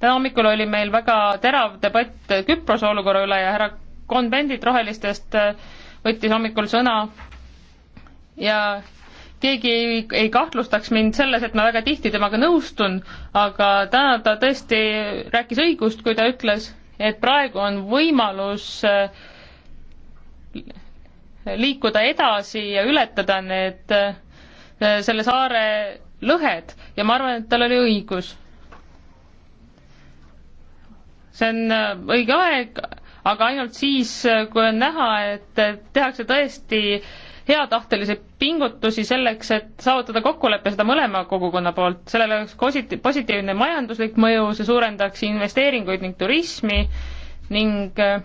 täna hommikul oli meil väga terav debatt Küprose olukorra üle ja härra konvendit Rohelistest äh, võttis hommikul sõna ja keegi ei, ei kahtlustaks mind selles, et ma väga tihti temaga nõustun, aga täna ta tõesti rääkis õigust, kui ta ütles, et praegu on võimalus äh, liikuda edasi ja ületada need äh, selle saare lõhed ja ma arvan, et tal oli õigus. see on äh, õige aeg, aga ainult siis, äh, kui on näha, et äh, tehakse tõesti heatahtelisi pingutusi selleks, et saavutada kokkulepe seda mõlema kogukonna poolt, sellel oleks positi-, positiivne majanduslik mõju, see suurendaks investeeringuid ning turismi ning äh,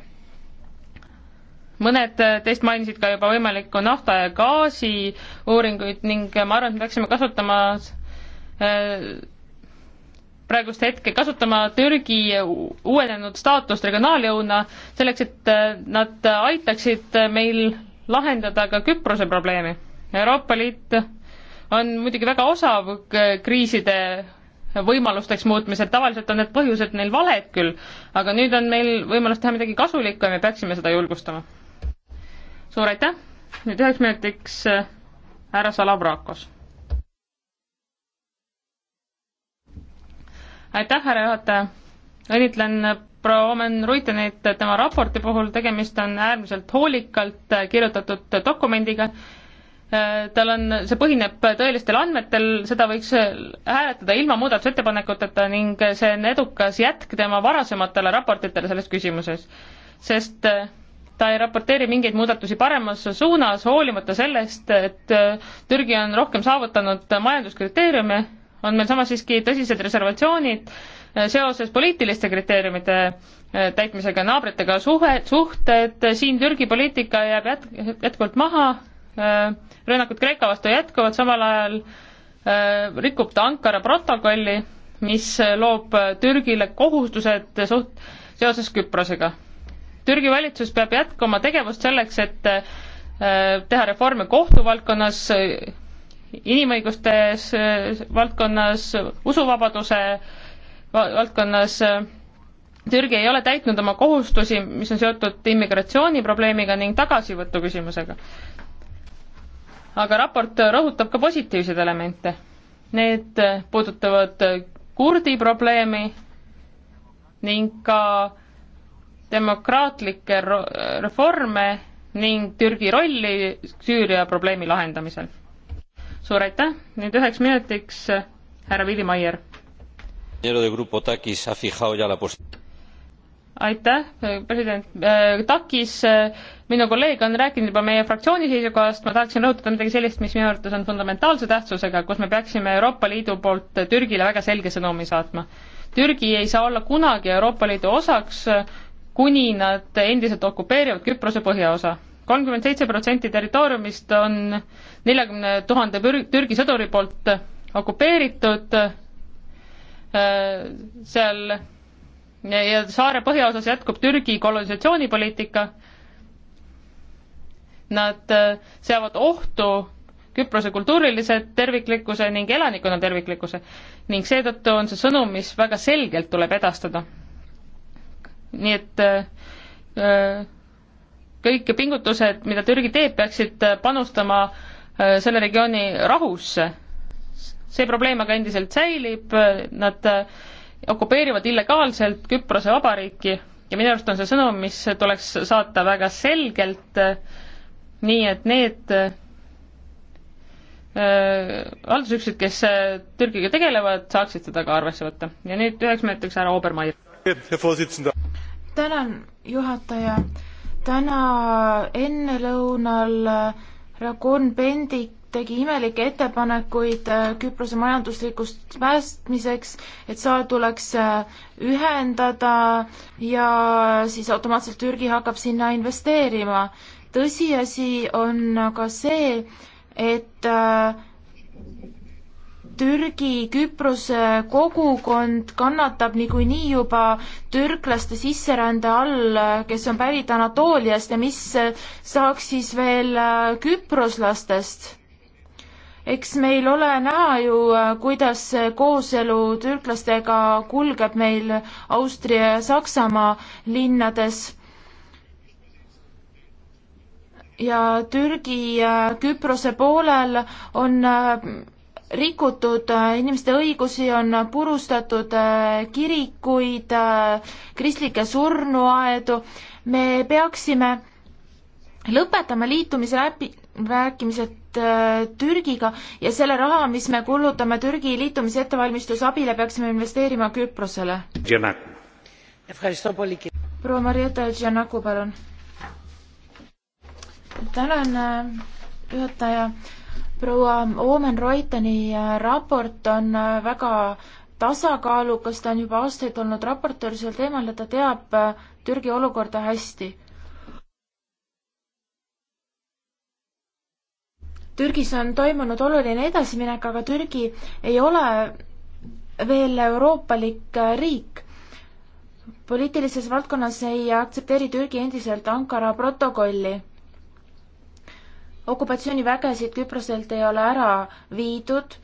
mõned äh, teist mainisid ka juba võimalikku nafta ja gaasi uuringuid ning äh, ma arvan, et me peaksime kasutama äh, praegust hetke, kasutama Türgi uuenenud staatust regionaaljõuna selleks, et nad aitaksid meil lahendada ka Küprose probleemi. Euroopa Liit on muidugi väga osav kriiside võimalusteks muutmisel, tavaliselt on need põhjused neil valed küll, aga nüüd on meil võimalus teha midagi kasulikku ja me peaksime seda julgustama suur aitäh, nüüd üheks minutiks äh, härra Salavrakos. aitäh, härra juhataja, õnnitlen äh, proua Omen Ruitenit äh, tema raporti puhul, tegemist on äärmiselt hoolikalt kirjutatud dokumendiga, tal on, see põhineb tõelistel andmetel, seda võiks hääletada ilma muudatusettepanekuteta ning see on edukas jätk tema varasematele raportitele selles küsimuses. sest ta ei raporteeri mingeid muudatusi paremas suunas, hoolimata sellest, et äh, Türgi on rohkem saavutanud majanduskriteeriume, on meil samas siiski tõsised reservatsioonid äh, seoses poliitiliste kriteeriumite äh, täitmisega, naabritega suhe, suhted, siin Türgi poliitika jääb jät-, jätkuvalt maha, rünnakud Kreeka vastu jätkuvad, samal ajal rikub ta Ankara protokolli, mis loob Türgile kohustused suht-, seoses Küprosega Türgi valitsus peab jätkama tegevust selleks, et äh, teha reforme kohtuvaldkonnas, inimõigustes äh, valdkonnas, usuvabaduse valdkonnas. Türgi ei ole täitnud oma kohustusi, mis on seotud immigratsiooniprobleemiga ning tagasivõtu küsimusega. aga raport rõhutab ka positiivseid elemente. Need puudutavad kurdi probleemi ning ka demokraatlikke reforme ning Türgi rolli Süüria probleemi lahendamisel. suur aitäh, nüüd üheks minutiks äh, härra Viidimaier. aitäh, äh, president äh, Takis, minu kolleeg on rääkinud juba meie fraktsiooni seisukohast, ma tahaksin rõhutada midagi sellist, mis minu arvates on fundamentaalse tähtsusega, kus me peaksime Euroopa Liidu poolt Türgile väga selge sõnumi saatma. Türgi ei saa olla kunagi Euroopa Liidu osaks, kuni nad endiselt okupeerivad Küprose põhjaosa. kolmkümmend seitse protsenti territooriumist on neljakümne tuhande Türgi sõduri poolt okupeeritud, äh, seal ja saare põhjaosas jätkub Türgi kolonisatsioonipoliitika, nad äh, seavad ohtu Küprose kultuurilise terviklikkuse ning elanikkonna terviklikkuse ning seetõttu on see sõnum, mis väga selgelt tuleb edastada nii et äh, äh, kõik pingutused, mida Türgi teeb, peaksid äh, panustama selle regiooni rahusse. see probleem aga endiselt säilib, nad okupeerivad illegaalselt Küprose vabariiki ja minu arust on see sõnum, mis tuleks saata väga selgelt, nii et need haldusüksused, kes Türgiga tegelevad, saaksid seda ka arvesse võtta. ja nüüd üheks minutiks härra Obermeier tänan, juhataja. täna ennelõunal Ragon Bendik tegi imelikke ettepanekuid äh, Küprose majanduslikust päästmiseks, et saar tuleks äh, ühendada ja äh, siis automaatselt Türgi hakkab sinna investeerima. tõsiasi on aga see, et äh, Türgi Küprose kogukond kannatab niikuinii juba türklaste sisserände all, kes on pärit Anatooliast ja mis saaks siis veel äh, küproslastest? eks meil ole näha ju, äh, kuidas kooselu türklastega kulgeb meil Austria ja Saksamaa linnades ja Türgi äh, Küprose poolel on rikutud äh, inimeste õigusi, on purustatud äh, kirikuid, äh, kristlikke surnuaedu, me peaksime lõpetama liitumise läbi, rääkimised Türgiga ja selle raha, mis me kulutame Türgi liitumise ettevalmistusabile, peaksime investeerima Küprosele. proua Marietta Giannaku, palun. tänan, juhataja proua Oomen Reuteni äh, raport on äh, väga tasakaalukas, ta on juba aastaid olnud raportöör sel teemal ja ta teab äh, Türgi olukorda hästi. Türgis on toimunud oluline edasiminek, aga Türgi ei ole veel euroopalik riik. poliitilises valdkonnas ei aktsepteeri Türgi endiselt Ankara protokolli okupatsioonivägesid Küproselt ei ole ära viidud,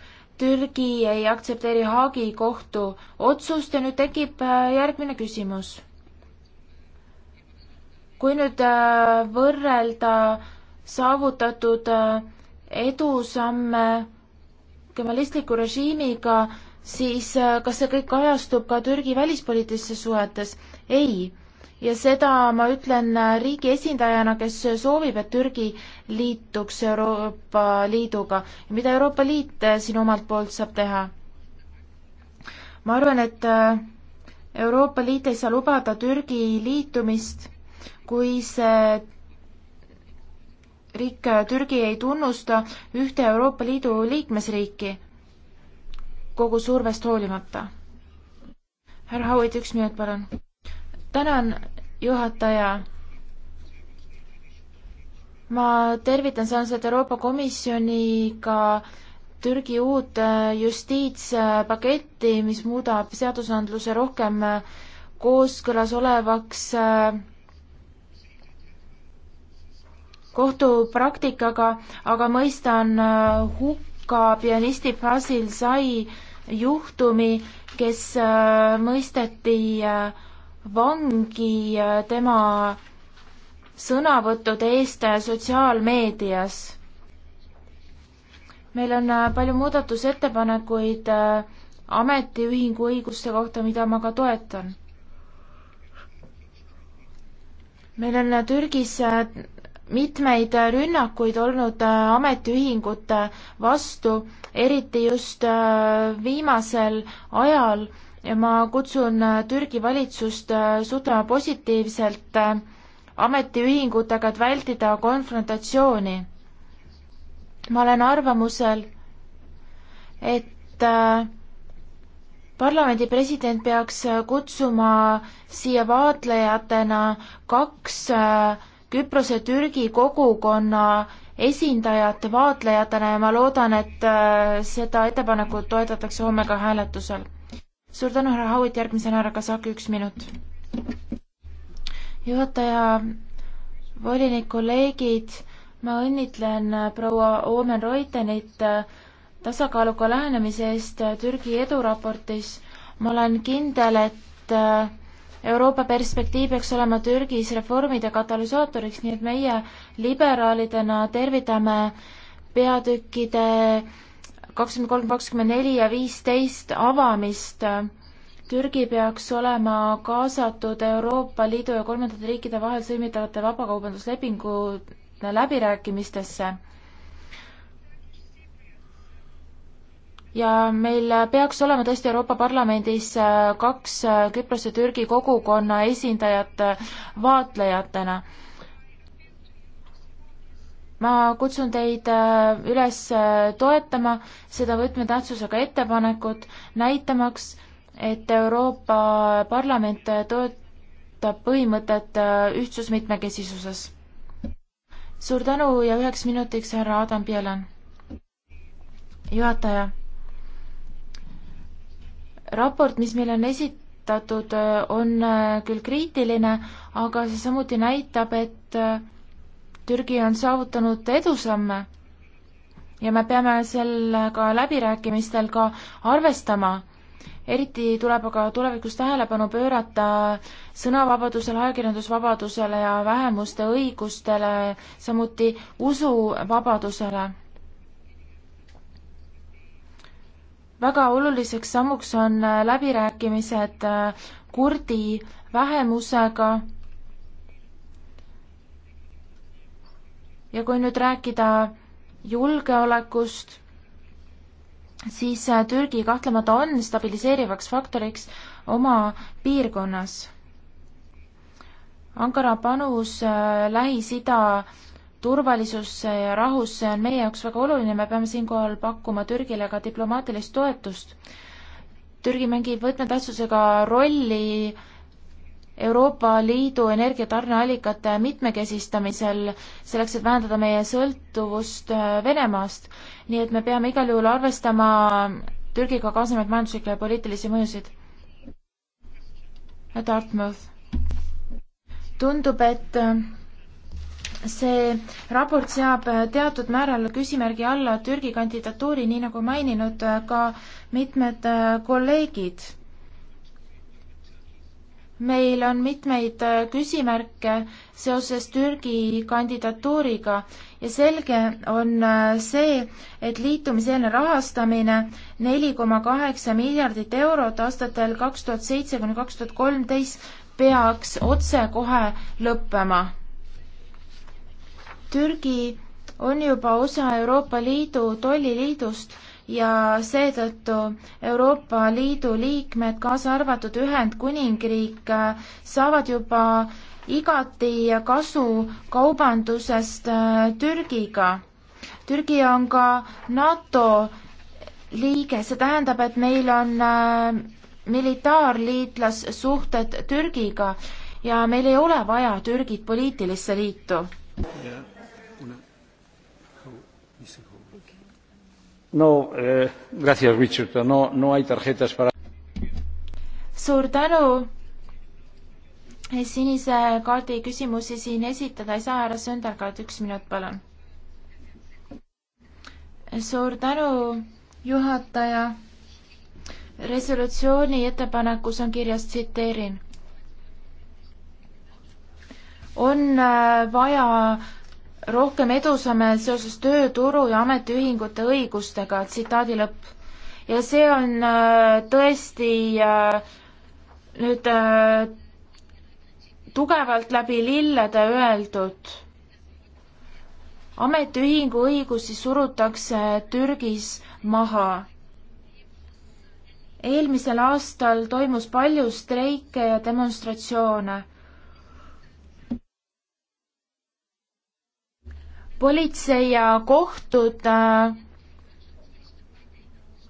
Türgi ei aktsepteeri Haagi kohtu otsust ja nüüd tekib äh, järgmine küsimus. kui nüüd äh, võrrelda saavutatud äh, edusamme kemalistliku režiimiga, siis kas see kõik kajastub ka Türgi välispoliitilistes suhetes? ei ja seda ma ütlen äh, riigi esindajana, kes soovib, et Türgi liituks Euroopa Liiduga. mida Euroopa Liit äh, siin omalt poolt saab teha? ma arvan, et äh, Euroopa Liit ei saa lubada Türgi liitumist, kui see riik Türgi ei tunnusta ühte Euroopa Liidu liikmesriiki kogu survest hoolimata. härra Hauid, üks minut, palun tänan, juhataja. ma tervitan sarnaselt Euroopa Komisjoniga Türgi uut äh, justiitspaketti, mis muudab seadusandluse rohkem äh, kooskõlas olevaks äh, kohtupraktikaga, aga mõistan hukka pianisti Basil Sai juhtumi, kes mõisteti äh, vangi äh, tema sõnavõttude eest äh, sotsiaalmeedias. meil on äh, palju muudatusettepanekuid ametiühingu õiguste kohta, mida ma ka toetan. meil on Türgis mitmeid rünnakuid olnud ametiühingute vastu, eriti just viimasel ajal ja ma kutsun äh, Türgi valitsust äh, suhtuma positiivselt äh, ametiühingutega, et vältida konfrontatsiooni. ma olen arvamusel, et parlamendi president peaks kutsuma siia vaatlejatena kaks Küprose Türgi kogukonna esindajat vaatlejatena ja ma loodan, et seda ettepanekut toetatakse homme ka hääletusel suur tänu, härra Haud, järgmisena härra Kasak, üks minut. juhataja, volinik, kolleegid, ma õnnitlen äh, proua Oomen Reutenit äh, tasakaaluka lähenemise eest äh, Türgi eduraportis. ma olen kindel, et Euroopa perspektiiv peaks olema Türgis reformide katalüsaatoriks, nii et meie liberaalidena tervitame peatükkide kakskümmend kolm, kakskümmend neli ja viisteist avamist. Türgi peaks olema kaasatud Euroopa Liidu ja kolmandate riikide vahel sõlmitavate vabakaubanduslepingu läbirääkimistesse. ja meil peaks olema tõesti Euroopa Parlamendis äh, kaks äh, Küprose Türgi kogukonna esindajat äh, vaatlejatena ma kutsun teid äh, üles äh, toetama seda võtmetähtsusega ettepanekut, näitamaks, et Euroopa Parlament äh, toetab põhimõtet ühtsus mitmekesisuses. suur tänu ja üheks minutiks härra Adam Pielan. juhataja. raport, mis meile on esitatud, on küll kriitiline, aga see samuti näitab, et Türgi on saavutanud edusamme ja me peame sellega läbirääkimistel ka arvestama. eriti tuleb aga tulevikus tähelepanu pöörata sõnavabadusele, ajakirjandusvabadusele ja vähemuste õigustele, samuti usuvabadusele. väga oluliseks sammuks on läbirääkimised kurdi vähemusega ja kui nüüd rääkida julgeolekust, siis äh, Türgi kahtlemata on stabiliseerivaks faktoriks oma piirkonnas. Ankara panus äh, Lähis-Ida turvalisusse ja rahusse on meie jaoks väga oluline, me peame siinkohal pakkuma Türgile ka diplomaatilist toetust. Türgi mängib võtmetähtsusega rolli äh, Euroopa Liidu energiatarneallikate mitmekesistamisel, selleks et vähendada meie sõltuvust äh, Venemaast. nii et me peame igal juhul arvestama Türgiga kaasnevaid majanduslikke ja poliitilisi mõjusid. Äh, Dartmouth. tundub, et äh, see raport seab teatud määral küsimärgi alla Türgi kandidatuuri, nii nagu maininud ka mitmed kolleegid meil on mitmeid äh, küsimärke seoses Türgi kandidatuuriga ja selge on äh, see, et liitumiseelne rahastamine neli koma kaheksa miljardit eurot aastatel kaks tuhat seitse kuni kaks tuhat kolmteist peaks otsekohe lõppema. Türgi on juba osa Euroopa Liidu tolliliidust ja seetõttu Euroopa Liidu liikmed, kaasa arvatud Ühendkuningriik, saavad juba igati kasu kaubandusest äh, Türgiga. Türgi on ka NATO liige, see tähendab, et meil on äh, militaarliitlassuhted Türgiga ja meil ei ole vaja Türgit poliitilisse liitu yeah.. no eh,, gracias, Richard, no, no hay tarjetas para. suur tänu. Eh, sinise kaardi küsimusi siin esitada ei saa, härra Sõnderkaart, üks minut, palun. suur tänu, juhataja. resolutsiooni ettepanekus on kirjas, tsiteerin. on äh, vaja äh, rohkem edusamme seoses tööturu ja ametiühingute õigustega, tsitaadi lõpp. ja see on äh, tõesti äh, nüüd äh, tugevalt läbi lillede öeldud. ametiühingu õigusi surutakse Türgis maha eelmisel aastal toimus palju streike ja demonstratsioone. politsei ja kohtud äh,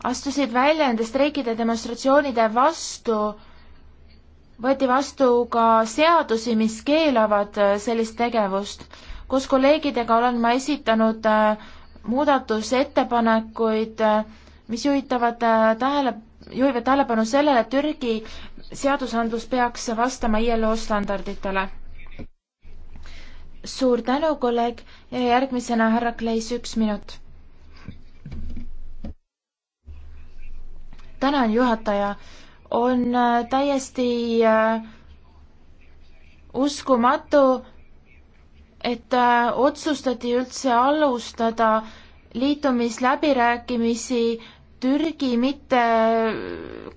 astusid välja nende streikide demonstratsioonide vastu, võeti vastu ka seadusi, mis keelavad äh, sellist tegevust. koos kolleegidega olen ma esitanud äh, muudatusettepanekuid, mis juhitavad tähele, juhivad tähelepanu sellele, et Türgi seadusandlus peaks vastama ILO standarditele suur tänu, kolleeg ja järgmisena härra Kleis, üks minut. tänan, juhataja. on äh, täiesti äh, uskumatu, et äh, otsustati üldse alustada liitumisläbirääkimisi Türgi mitte,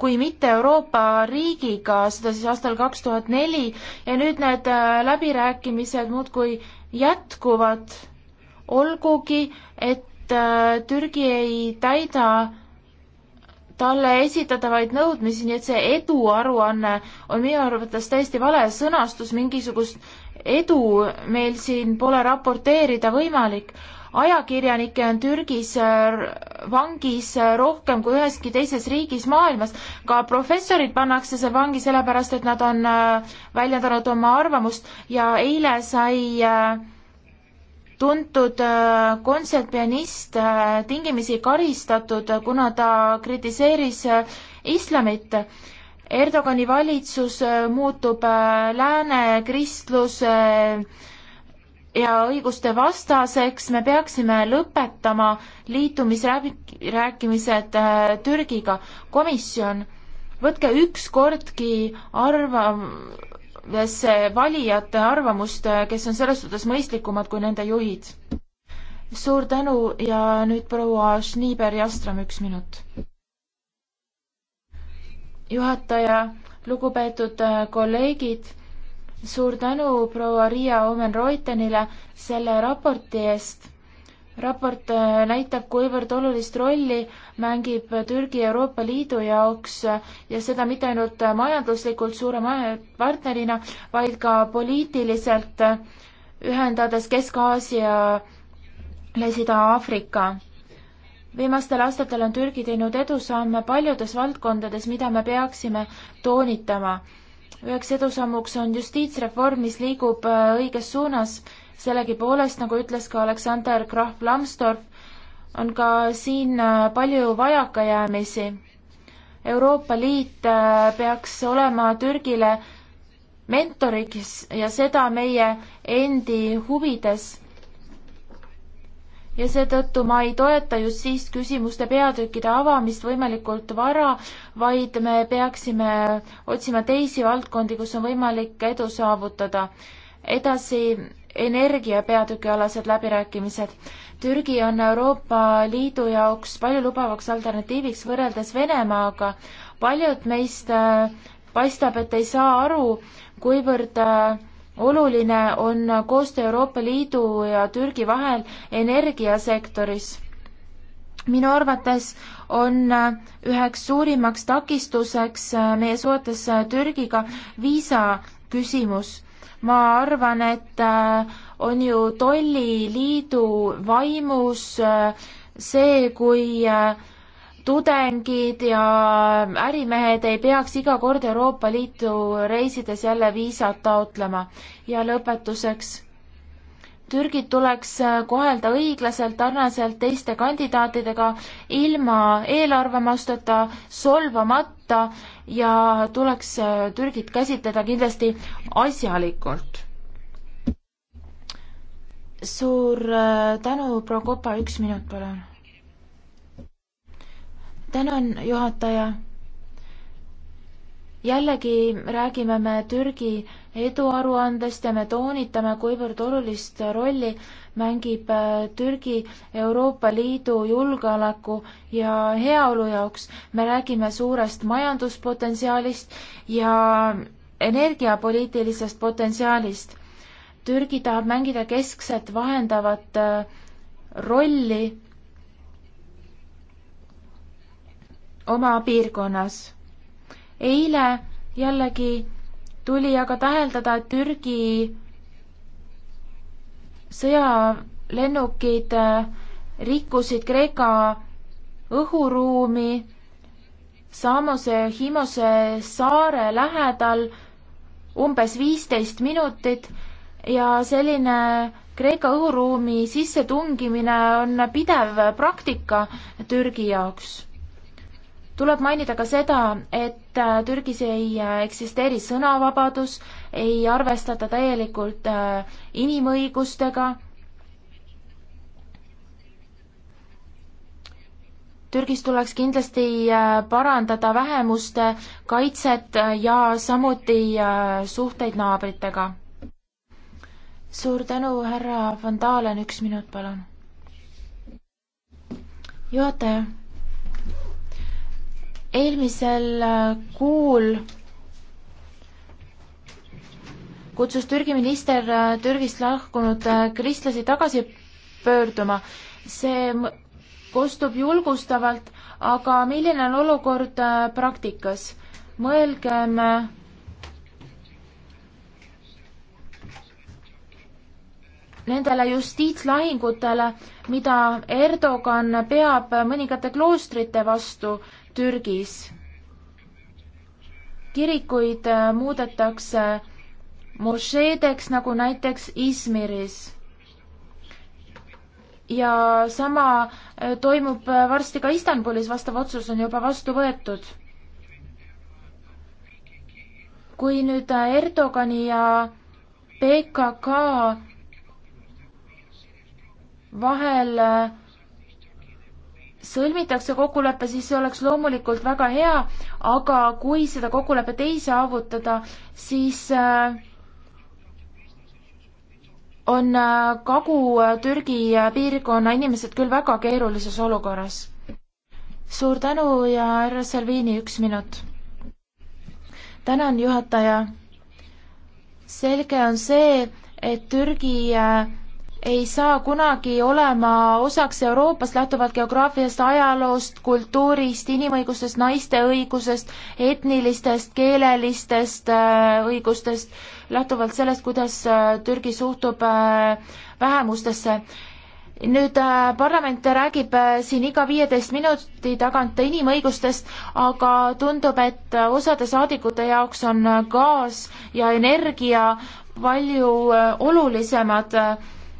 kui mitte Euroopa riigiga, seda siis aastal kaks tuhat neli ja nüüd need äh, läbirääkimised muudkui jätkuvad, olgugi et äh, Türgi ei täida talle esitatavaid nõudmisi, nii et see eduaruanne on minu arvates täiesti vale sõnastus, mingisugust edu meil siin pole raporteerida võimalik ajakirjanikke on Türgis äh, vangis äh, rohkem kui üheski teises riigis maailmas. ka professorid pannakse seal vangi sellepärast, et nad on äh, väljendanud oma arvamust ja eile sai tuntud kontsertpianist tingimisi karistatud, kuna ta kritiseeris islamit Erdogani valitsus muutub lääne kristluse ja õiguste vastaseks me peaksime lõpetama liitumisrääkimised äh, Türgiga. komisjon, võtke ükskordki arvamisse valijate arvamust, äh, kes on selles suhtes mõistlikumad kui nende juhid. suur tänu ja nüüd proua Schneeber-Jastram, üks minut. juhataja, lugupeetud äh, kolleegid suur tänu proua Riia Omen-Reutenile selle raporti eest. raport äh, näitab, kuivõrd olulist rolli mängib Türgi Euroopa Liidu jaoks äh, ja seda mitte ainult äh, majanduslikult suure partnerina, vaid ka poliitiliselt, ühendades Kesk-Aasia, Lesida-Aafrika viimastel aastatel on Türgi teinud edusamme paljudes valdkondades, mida me peaksime toonitama üheks edusammuks on justiitsreform, mis liigub äh, õiges suunas. sellegipoolest, nagu ütles ka Aleksander Krahv Lambsdorff, on ka siin äh, palju vajakajäämisi. Euroopa Liit äh, peaks olema Türgile mentoriks ja seda meie endi huvides ja seetõttu ma ei toeta just siis küsimuste peatükkide avamist võimalikult vara, vaid me peaksime otsima teisi valdkondi, kus on võimalik edu saavutada. edasi energia peatükialased läbirääkimised. Türgi on Euroopa Liidu jaoks paljulubavaks alternatiiviks võrreldes Venemaaga. paljud meist äh, paistab, et ei saa aru, kuivõrd äh, oluline on koostöö Euroopa Liidu ja Türgi vahel energiasektoris. minu arvates on üheks suurimaks takistuseks meie suhetes Türgiga viisa küsimus. ma arvan, et äh, on ju tolliliidu vaimus äh, see, kui äh, tudengid ja ärimehed ei peaks iga kord Euroopa Liitu reisides jälle viisat taotlema. ja lõpetuseks. Türgit tuleks äh, kohelda õiglaselt, tarnaselt teiste kandidaatidega, ilma eelarvamusteta, solvamata ja tuleks äh, Türgit käsitleda kindlasti asjalikult. suur äh, tänu, proua Kopa, üks minut palun tänan, juhataja. jällegi räägime me Türgi eduaruandest ja me toonitame, kuivõrd olulist rolli mängib äh, Türgi Euroopa Liidu julgeoleku ja heaolu jaoks. me räägime suurest majanduspotentsiaalist ja energiapoliitilisest potentsiaalist. Türgi tahab mängida keskset vahendavat äh, rolli oma piirkonnas. eile jällegi tuli aga täheldada, et Türgi sõjalennukid äh, rikkusid Kreeka õhuruumi Samose Himose saare lähedal umbes viisteist minutit ja selline Kreeka õhuruumi sissetungimine on pidev praktika Türgi jaoks tuleb mainida ka seda, et äh, Türgis ei äh, eksisteeri sõnavabadus, ei arvestata täielikult äh, inimõigustega. Türgis tuleks kindlasti parandada vähemuste kaitset ja samuti suhteid naabritega. suur tänu, härra Vandalen, üks minut, palun. juhataja eelmisel äh, kuul kutsus Türgi minister äh, Türgist lahkunud äh, kristlasi tagasi pöörduma. see kostub julgustavalt, aga milline on olukord praktikas? mõelgem nendele justiitslahingutele, mida Erdogan peab mõningate kloostrite vastu Türgis. kirikuid äh, muudetakse mošeedeks, nagu näiteks Izmiris. ja sama äh, toimub äh, varsti ka Istanbulis, vastav otsus on juba vastu võetud. kui nüüd Erdogani ja PKK vahel sõlmitakse kokkulepe, siis see oleks loomulikult väga hea, aga kui seda kokkulepet ei saavutada, siis äh, on äh, Kagu-Türgi äh, piirkonna inimesed küll väga keerulises olukorras. suur tänu ja härra Salvini, üks minut. tänan, juhataja. selge on see, et Türgi äh, ei saa kunagi olema osaks Euroopast lähtuvalt geograafiast, ajaloost, kultuurist, inimõigustest, naiste õigusest, etnilistest, keelelistest äh, õigustest, lähtuvalt sellest, kuidas äh, Türgi suhtub äh, vähemustesse. nüüd parlament räägib siin iga viieteist minuti tagant inimõigustest, aga tundub, et osade saadikute jaoks on gaas ja energia palju olulisemad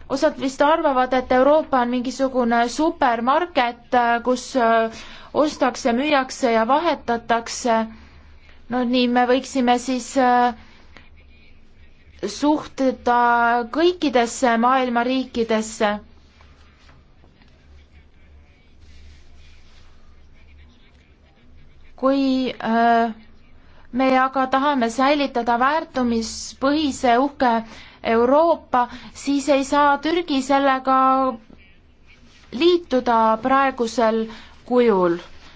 osad vist arvavad, et Euroopa on mingisugune supermarket, kus äh, ostakse, müüakse ja vahetatakse. no nii me võiksime siis äh, suhtuda kõikidesse maailma riikidesse. kui äh, me aga tahame säilitada väärtumispõhise uhke Euroopa, siis ei saa Türgi sellega liituda praegusel kujul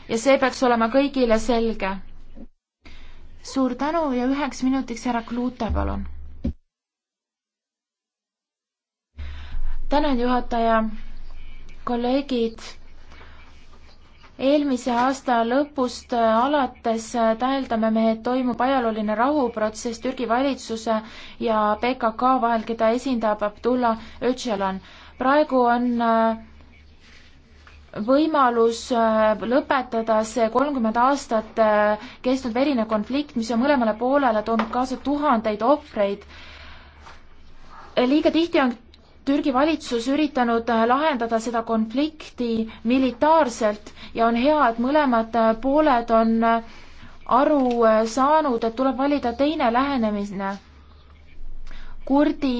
ja see peaks olema kõigile selge. suur tänu ja üheks minutiks härra Klute, palun. tänan, juhataja, kolleegid eelmise aasta lõpust äh, alates äh, täheldame me, et toimub ajalooline rahuprotsess Türgi valitsuse ja PKK vahel, keda esindab Abdullah Öcalan. praegu on äh, võimalus lõpetada see kolmkümmend aastat kestnud verine konflikt, mis on mõlemale poolele toonud kaasa tuhandeid ohvreid. liiga tihti on Türgi valitsus üritanud äh, lahendada seda konflikti militaarselt ja on hea, et mõlemad äh, pooled on äh, aru saanud, et tuleb valida teine lähenemine. kurdi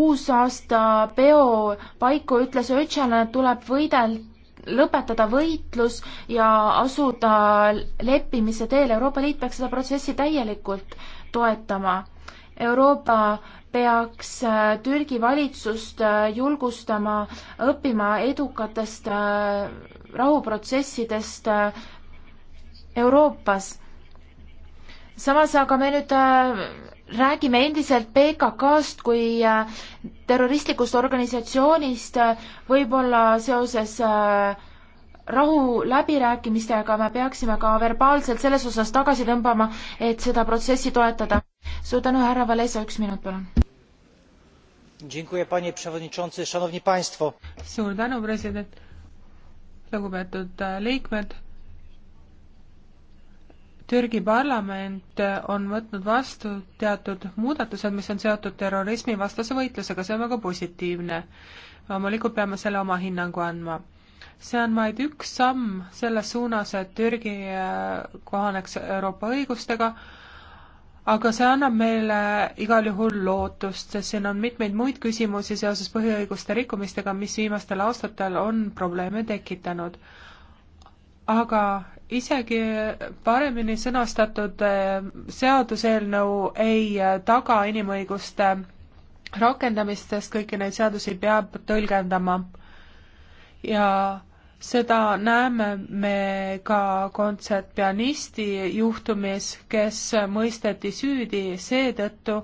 uusaastapeo paiku ütles Öcalan, et tuleb võidelda lõpetada võitlus ja asuda leppimise teele. Euroopa Liit peaks seda protsessi täielikult toetama. Euroopa peaks äh, Türgi valitsust äh, julgustama õppima edukatest äh, rahuprotsessidest Euroopas. samas aga me nüüd räägime endiselt PKK-st kui terroristlikust organisatsioonist, võib-olla seoses rahuläbirääkimistega me peaksime ka verbaalselt selles osas tagasi tõmbama, et seda protsessi toetada suur tänu, härra Valesa, üks minut, palun. suur tänu, president. lugupeetud äh, liikmed. Türgi parlament äh, on võtnud vastu teatud muudatused, mis on seotud terrorismivastase võitlusega, see on väga positiivne. loomulikult peame selle oma hinnangu andma see on vaid üks samm selles suunas, et Türgi äh, kohaneks Euroopa õigustega, aga see annab meile igal juhul lootust, sest siin on mitmeid muid küsimusi seoses põhiõiguste rikkumistega, mis viimastel aastatel on probleeme tekitanud. aga isegi paremini sõnastatud eh, seaduseelnõu ei eh, taga inimõiguste rakendamist, sest kõiki neid seadusi peab tõlgendama ja seda näeme me ka kontsertpianisti juhtumis, kes mõisteti süüdi seetõttu,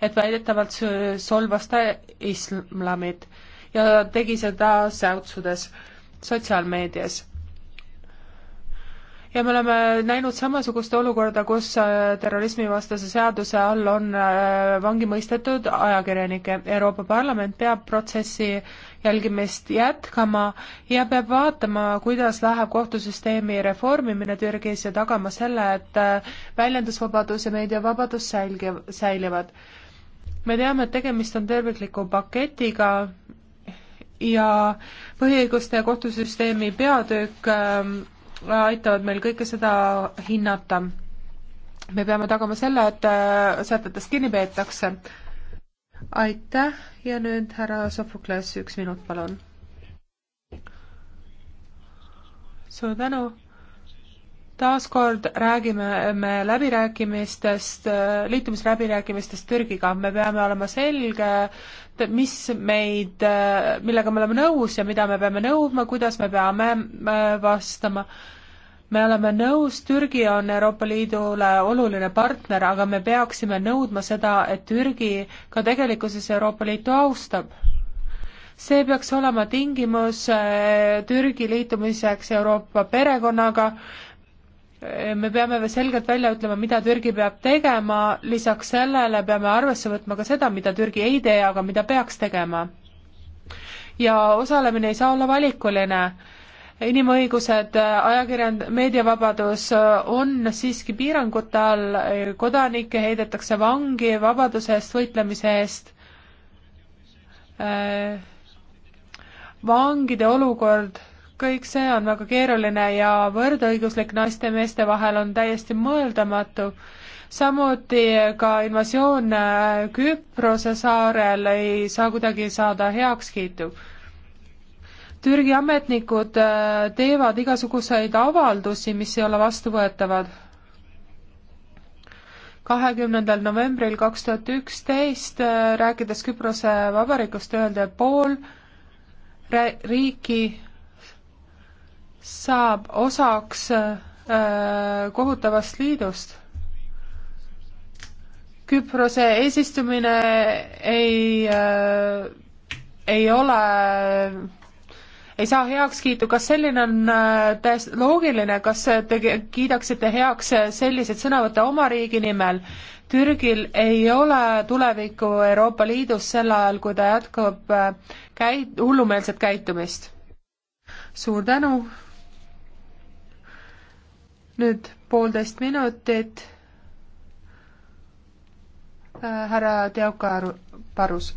et väidetavalt solvas ta islamit ja tegi seda säutsudes sotsiaalmeedias. ja me oleme näinud samasugust olukorda, kus äh, terrorismivastase seaduse all on äh, vangi mõistetud ajakirjanikke. Euroopa Parlament peab protsessi jälgimist jätkama ja peab vaatama, kuidas läheb kohtusüsteemi reformimine Türgis ja tagama selle, et äh, väljendusvabadus ja meediavabadus säilgi, säilivad. me teame, et tegemist on tervikliku paketiga, ja põhiõiguste ja kohtusüsteemi peatükk äh, aitavad meil kõike seda hinnata. me peame tagama selle, et äh, sätetest kinni peetakse aitäh ja nüüd härra Sofokles, üks minut, palun. suur tänu. taaskord räägime me läbirääkimistest, liitumisläbirääkimistest Türgiga, me peame olema selge, mis meid, millega me oleme nõus ja mida me peame nõudma, kuidas me peame äh, vastama me oleme nõus, Türgi on Euroopa Liidule oluline partner, aga me peaksime nõudma seda, et Türgi ka tegelikkuses Euroopa Liitu austab. see peaks olema tingimus eh, Türgi liitumiseks Euroopa perekonnaga, eh, me peame selgelt välja ütlema, mida Türgi peab tegema, lisaks sellele peame arvesse võtma ka seda, mida Türgi ei tee, aga mida peaks tegema. ja osalemine ei saa olla valikuline inimõigused, ajakirjand-, meediavabadus äh, on siiski piirangute all, kodanikke heidetakse vangi vabaduse eest võitlemise eest. Äh, vangide olukord, kõik see on väga keeruline ja võrdõiguslik naiste ja meeste vahel on täiesti mõeldamatu. samuti ka invasioon äh, Küprose saarel ei saa kuidagi saada heakskiitu Türgi ametnikud äh, teevad igasuguseid avaldusi, mis ei ole vastuvõetavad. kahekümnendal novembril kaks tuhat üksteist, äh, rääkides Küprose Vabariigist, öeldi, et pool riiki saab osaks äh, kohutavast liidust. Küprose eesistumine ei äh,, ei ole ei saa heakskiitu, kas selline on äh, täiesti loogiline, kas äh, te kiidaksite heaks äh, selliseid sõnavõtte oma riigi nimel? Türgil ei ole tulevikku Euroopa Liidus sel ajal, kui ta jätkab käi-, hullumeelset käitumist. suur tänu. nüüd poolteist minutit. härra Teoka Parus,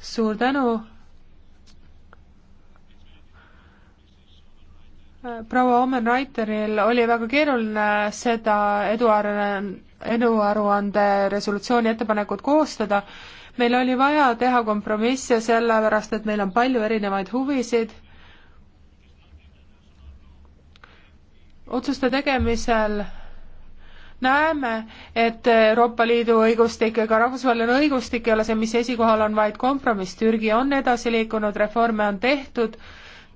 suur tänu proua Omen Reiteril oli väga keeruline seda eduaruande, eduaruande resolutsiooni ettepanekut koostada. meil oli vaja teha kompromisse, sellepärast et meil on palju erinevaid huvisid. otsuste tegemisel näeme, et Euroopa Liidu õigustik ega rahvusvaheline õigustik ei ole see, mis esikohal on, vaid kompromiss. Türgi on edasi liikunud, reforme on tehtud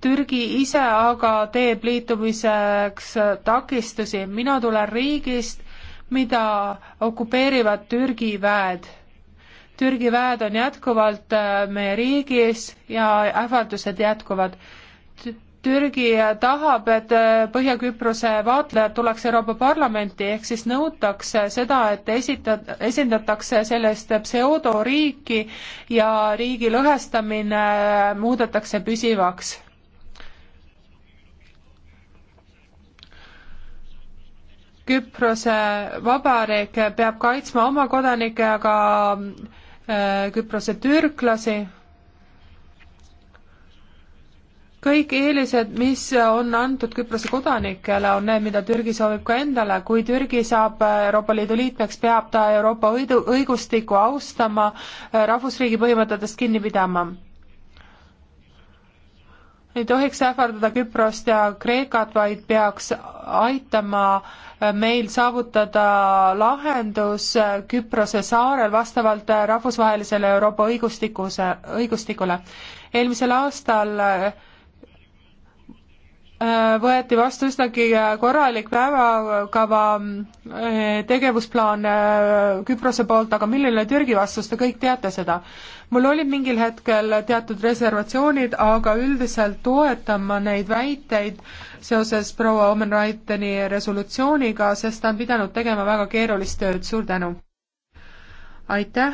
Türgi ise aga teeb liitumiseks takistusi. mina tulen riigist, mida okupeerivad Türgi väed. Türgi väed on jätkuvalt äh, meie riigis ja ähvardused jätkuvad. Türgi tahab, et äh, Põhja-Küprose vaatlejad tuleks Euroopa Parlamenti, ehk siis nõutakse seda, et esitad, esindatakse sellist pseudoriiki ja riigi lõhestamine äh, muudetakse püsivaks Küprose Vabariik peab kaitsma oma kodanikke, aga äh, Küprose türklasi. kõik eelised, mis on antud Küprose kodanikele, on need, mida Türgi soovib ka endale. kui Türgi saab Euroopa Liidu liikmeks, peab ta Euroopa õidu, õigustikku austama, äh, rahvusriigi põhimõtetest kinni pidama ei tohiks ähvardada Küprost ja Kreekat, vaid peaks aitama äh, meil saavutada lahendus äh, Küprose saarel vastavalt äh, rahvusvahelisele Euroopa õigustikuse, õigustikule. eelmisel aastal Äh, võeti vastu üsnagi äh, korralik päevakava äh, tegevusplaan Küprose poolt, aga milline Türgi vastus, te kõik teate seda. mul olid mingil hetkel teatud reservatsioonid, aga üldiselt toetan ma neid väiteid seoses proua Omen Raiteni resolutsiooniga, sest ta on pidanud tegema väga keerulist tööd, suur tänu! aitäh!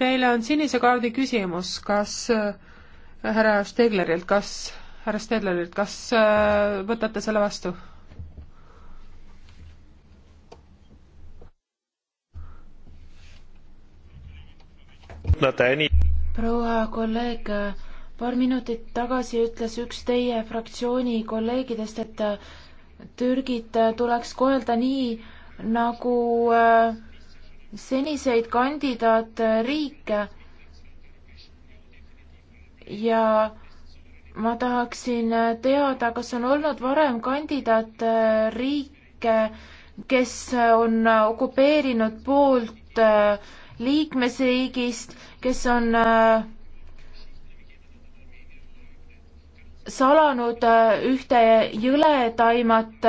Teile on sinise kaardi küsimus, kas äh, härra Steglerilt, kas, härra Steglerilt, kas äh, võtate selle vastu? proua kolleeg, paar minutit tagasi ütles üks teie fraktsiooni kolleegidest, et Türgit tuleks kohelda nii, nagu äh, seniseid kandidaatriike ja ma tahaksin teada, kas on olnud varem kandidaatriike, kes on okupeerinud poolt äh, liikmesriigist, kes on äh, salanud äh, ühte jõledaimat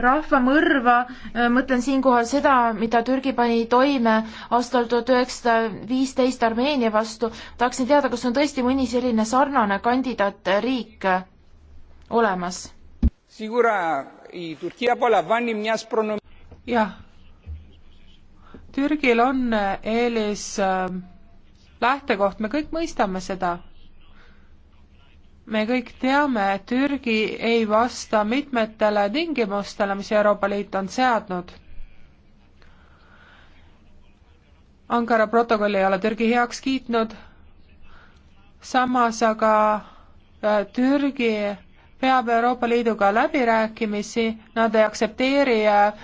rahvamõrva, äh, mõtlen siinkohal seda, mida Türgi pani toime aastal tuhat üheksasada viisteist Armeenia vastu, tahaksin teada, kas on tõesti mõni selline sarnane kandidaatriik äh, olemas? jah, Türgil on äh, eelis lähtekoht, me kõik mõistame seda me kõik teame, et Türgi ei vasta mitmetele tingimustele, mis Euroopa Liit on seadnud. Ankara protokolli ei ole Türgi heaks kiitnud, samas aga äh, Türgi peab Euroopa Liiduga läbirääkimisi, nad ei aktsepteeri äh, äh,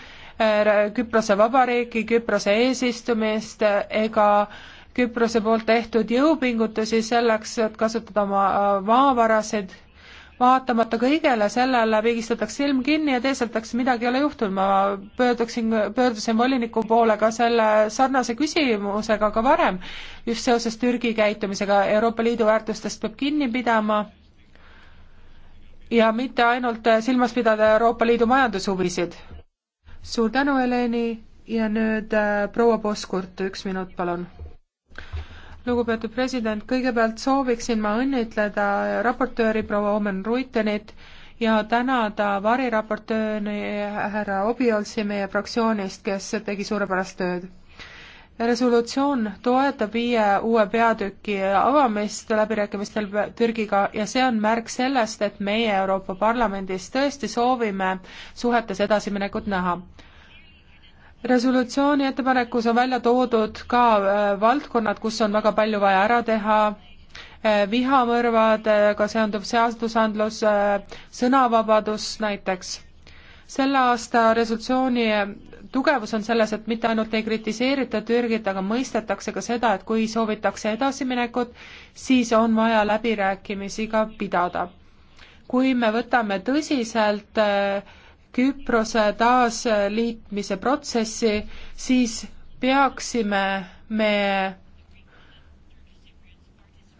Küprose Vabariiki, Küprose eesistumist ega äh, Küprose poolt tehtud jõupingutusi selleks, et kasutada oma äh, maavarasid. vaatamata kõigele sellele pigistatakse silm kinni ja teeseldakse, midagi ei ole juhtunud. ma pöörduksin, pöördusin voliniku poole ka selle sarnase küsimusega ka varem, just seoses Türgi käitumisega. Euroopa Liidu väärtustest peab kinni pidama ja mitte ainult silmas pidada Euroopa Liidu majandushuvisid. suur tänu, Heleni, ja nüüd äh, proua Poskurt, üks minut, palun lugupeetud president, kõigepealt sooviksin ma õnnitleda raportööri proua Omen Ruitenit ja tänada variraportööri härra Obiolsi meie fraktsioonist, kes tegi suurepärast tööd. resolutsioon toetab viie uue peatüki avamist läbirääkimistel Türgiga ja see on märk sellest, et meie Euroopa Parlamendis tõesti soovime suhetes edasiminekut näha resolutsiooni ettepanekus on välja toodud ka äh, valdkonnad, kus on väga palju vaja ära teha, äh, vihamõrvadega äh, seonduv seadusandlus, sõnavabadus näiteks. selle aasta resolutsiooni tugevus on selles, et mitte ainult ei kritiseerita Türgit, aga mõistetakse ka seda, et kui soovitakse edasiminekut, siis on vaja läbirääkimisi ka pidada. kui me võtame tõsiselt äh, Küprose taasliitmise protsessi, siis peaksime me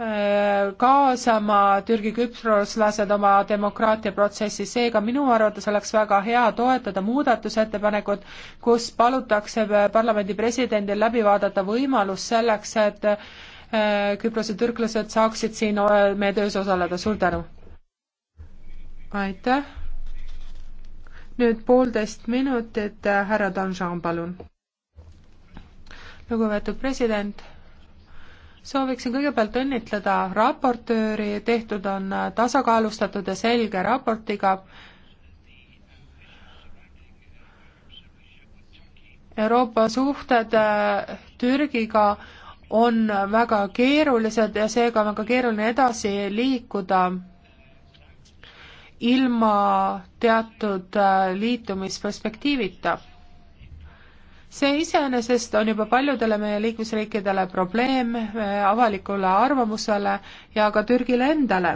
äh, kaasama Türgi küproslased oma demokraatiaprotsessi, seega minu arvates oleks väga hea toetada muudatusettepanekut, kus palutakse parlamendi presidendil läbi vaadata võimalus selleks, et äh, Küprose türklased saaksid siin äh, meie töös osaleda, suur tänu! aitäh! nüüd poolteist minutit, härra Danjean, palun. lugupeetud president, sooviksin kõigepealt õnnitleda raportööri, tehtud on tasakaalustatud ja selge raportiga, Euroopa suhted äh, Türgiga on väga keerulised ja seega on väga keeruline edasi liikuda ilma teatud äh, liitumisperspektiivita. see iseenesest on juba paljudele meie liikmesriikidele probleem äh, avalikule arvamusele ja ka Türgile endale.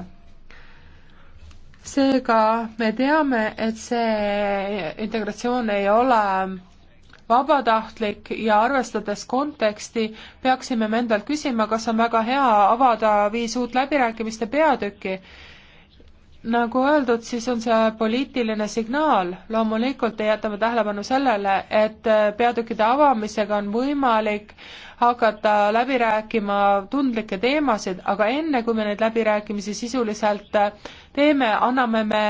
seega me teame, et see integratsioon ei ole vabatahtlik ja arvestades konteksti, peaksime me endalt küsima, kas on väga hea avada viis uut läbirääkimiste peatükki nagu öeldud, siis on see poliitiline signaal, loomulikult jätame tähelepanu sellele, et äh, peatükkide avamisega on võimalik hakata läbi rääkima tundlikke teemasid, aga enne, kui me neid läbirääkimisi sisuliselt äh, teeme, anname me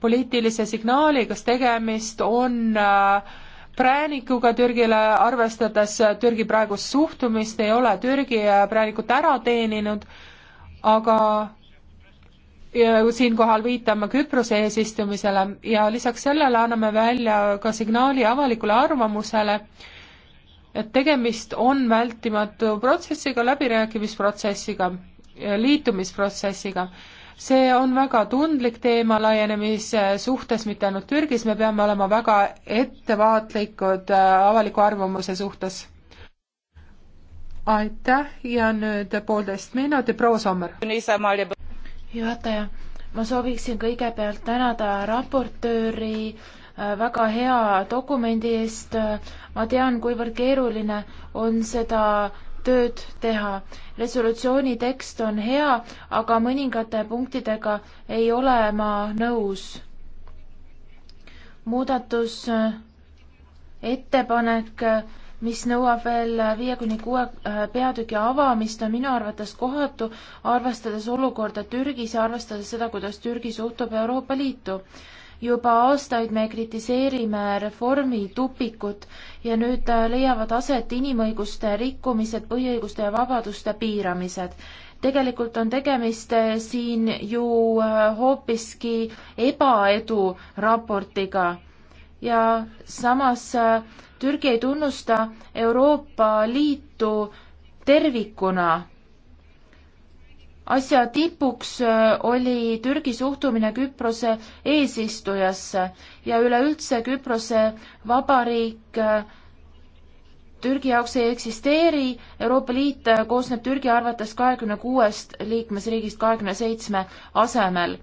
poliitilise signaali, kas tegemist on äh, präänikuga Türgile, arvestades Türgi praegust suhtumist, ei ole Türgi präänikut ära teeninud, aga siinkohal viitama Küprose eesistumisele ja lisaks sellele anname välja ka signaali avalikule arvamusele, et tegemist on vältimatu protsessiga, läbirääkimisprotsessiga, liitumisprotsessiga. see on väga tundlik teema laienemise suhtes, mitte ainult Türgis, me peame olema väga ettevaatlikud äh, avaliku arvamuse suhtes. aitäh ja nüüd poolteist minutit, proua Sommer juhataja, ma sooviksin kõigepealt tänada raportööri äh, väga hea dokumendi eest. ma tean, kuivõrd keeruline on seda tööd teha. resolutsiooni tekst on hea, aga mõningate punktidega ei ole ma nõus. muudatusettepanek äh, mis nõuab veel viie kuni kuue äh, peatüki avamist, on minu arvates kohatu, arvestades olukorda Türgis ja arvestades seda, kuidas Türgi suhtub Euroopa Liitu. juba aastaid me kritiseerime reformi tupikut ja nüüd äh, leiavad aset inimõiguste rikkumised, põhiõiguste ja vabaduste piiramised tegelikult on tegemist äh, siin ju hoopiski ebaedu raportiga ja samas äh, Türgi ei tunnusta Euroopa Liitu tervikuna. asja tipuks äh, oli Türgi suhtumine Küprose eesistujasse ja üleüldse Küprose vabariik äh, Türgi jaoks ei eksisteeri, Euroopa Liit koosneb Türgi arvates kahekümne kuuest liikmesriigist kahekümne seitsme asemel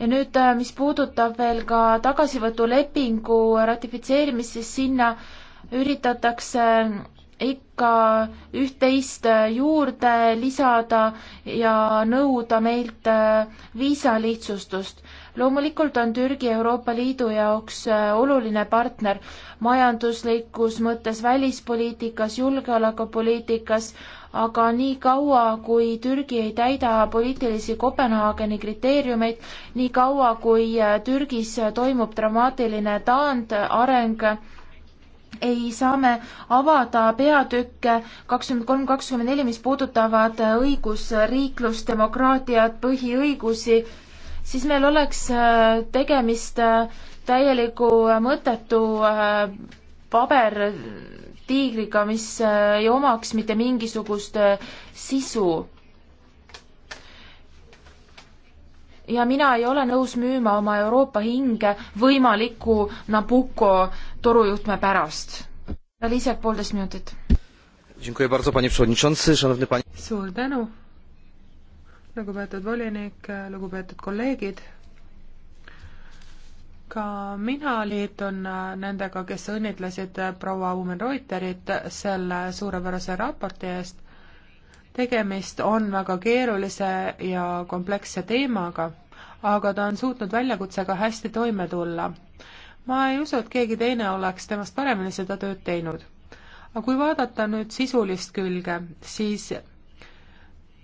ja nüüd, äh, mis puudutab veel ka tagasivõtulepingu ratifitseerimist, siis sinna üritatakse ikka üht-teist äh, juurde lisada ja nõuda meilt äh, viisalihtsustust loomulikult on Türgi Euroopa Liidu jaoks äh, oluline partner majanduslikus mõttes, välispoliitikas, julgeolekupoliitikas, aga nii kaua, kui Türgi ei täida poliitilisi Kopenhaageni kriteeriumeid, nii kaua, kui äh, Türgis toimub dramaatiline taandareng, ei saa me avada peatükke kakskümmend kolm, kakskümmend neli, mis puudutavad õigusriiklust, demokraatiat, põhiõigusi siis meil oleks äh, tegemist äh, täieliku äh, mõttetu pabertiigriga, mis ei omaks mitte mingisugust sisu. ja mina ei ole nõus müüma oma Euroopa hinge võimaliku Nabucco torujuhtme pärast. Liisek, poolteist minutit. suur tänu lugupeetud volinik, lugupeetud kolleegid. ka mina liitun nendega, kes õnnitlesid proua Umen-Reuterit selle suurepärase raporti eest. tegemist on väga keerulise ja kompleksse teemaga, aga ta on suutnud väljakutsega hästi toime tulla. ma ei usu, et keegi teine oleks temast paremini seda tööd teinud aga kui vaadata nüüd sisulist külge, siis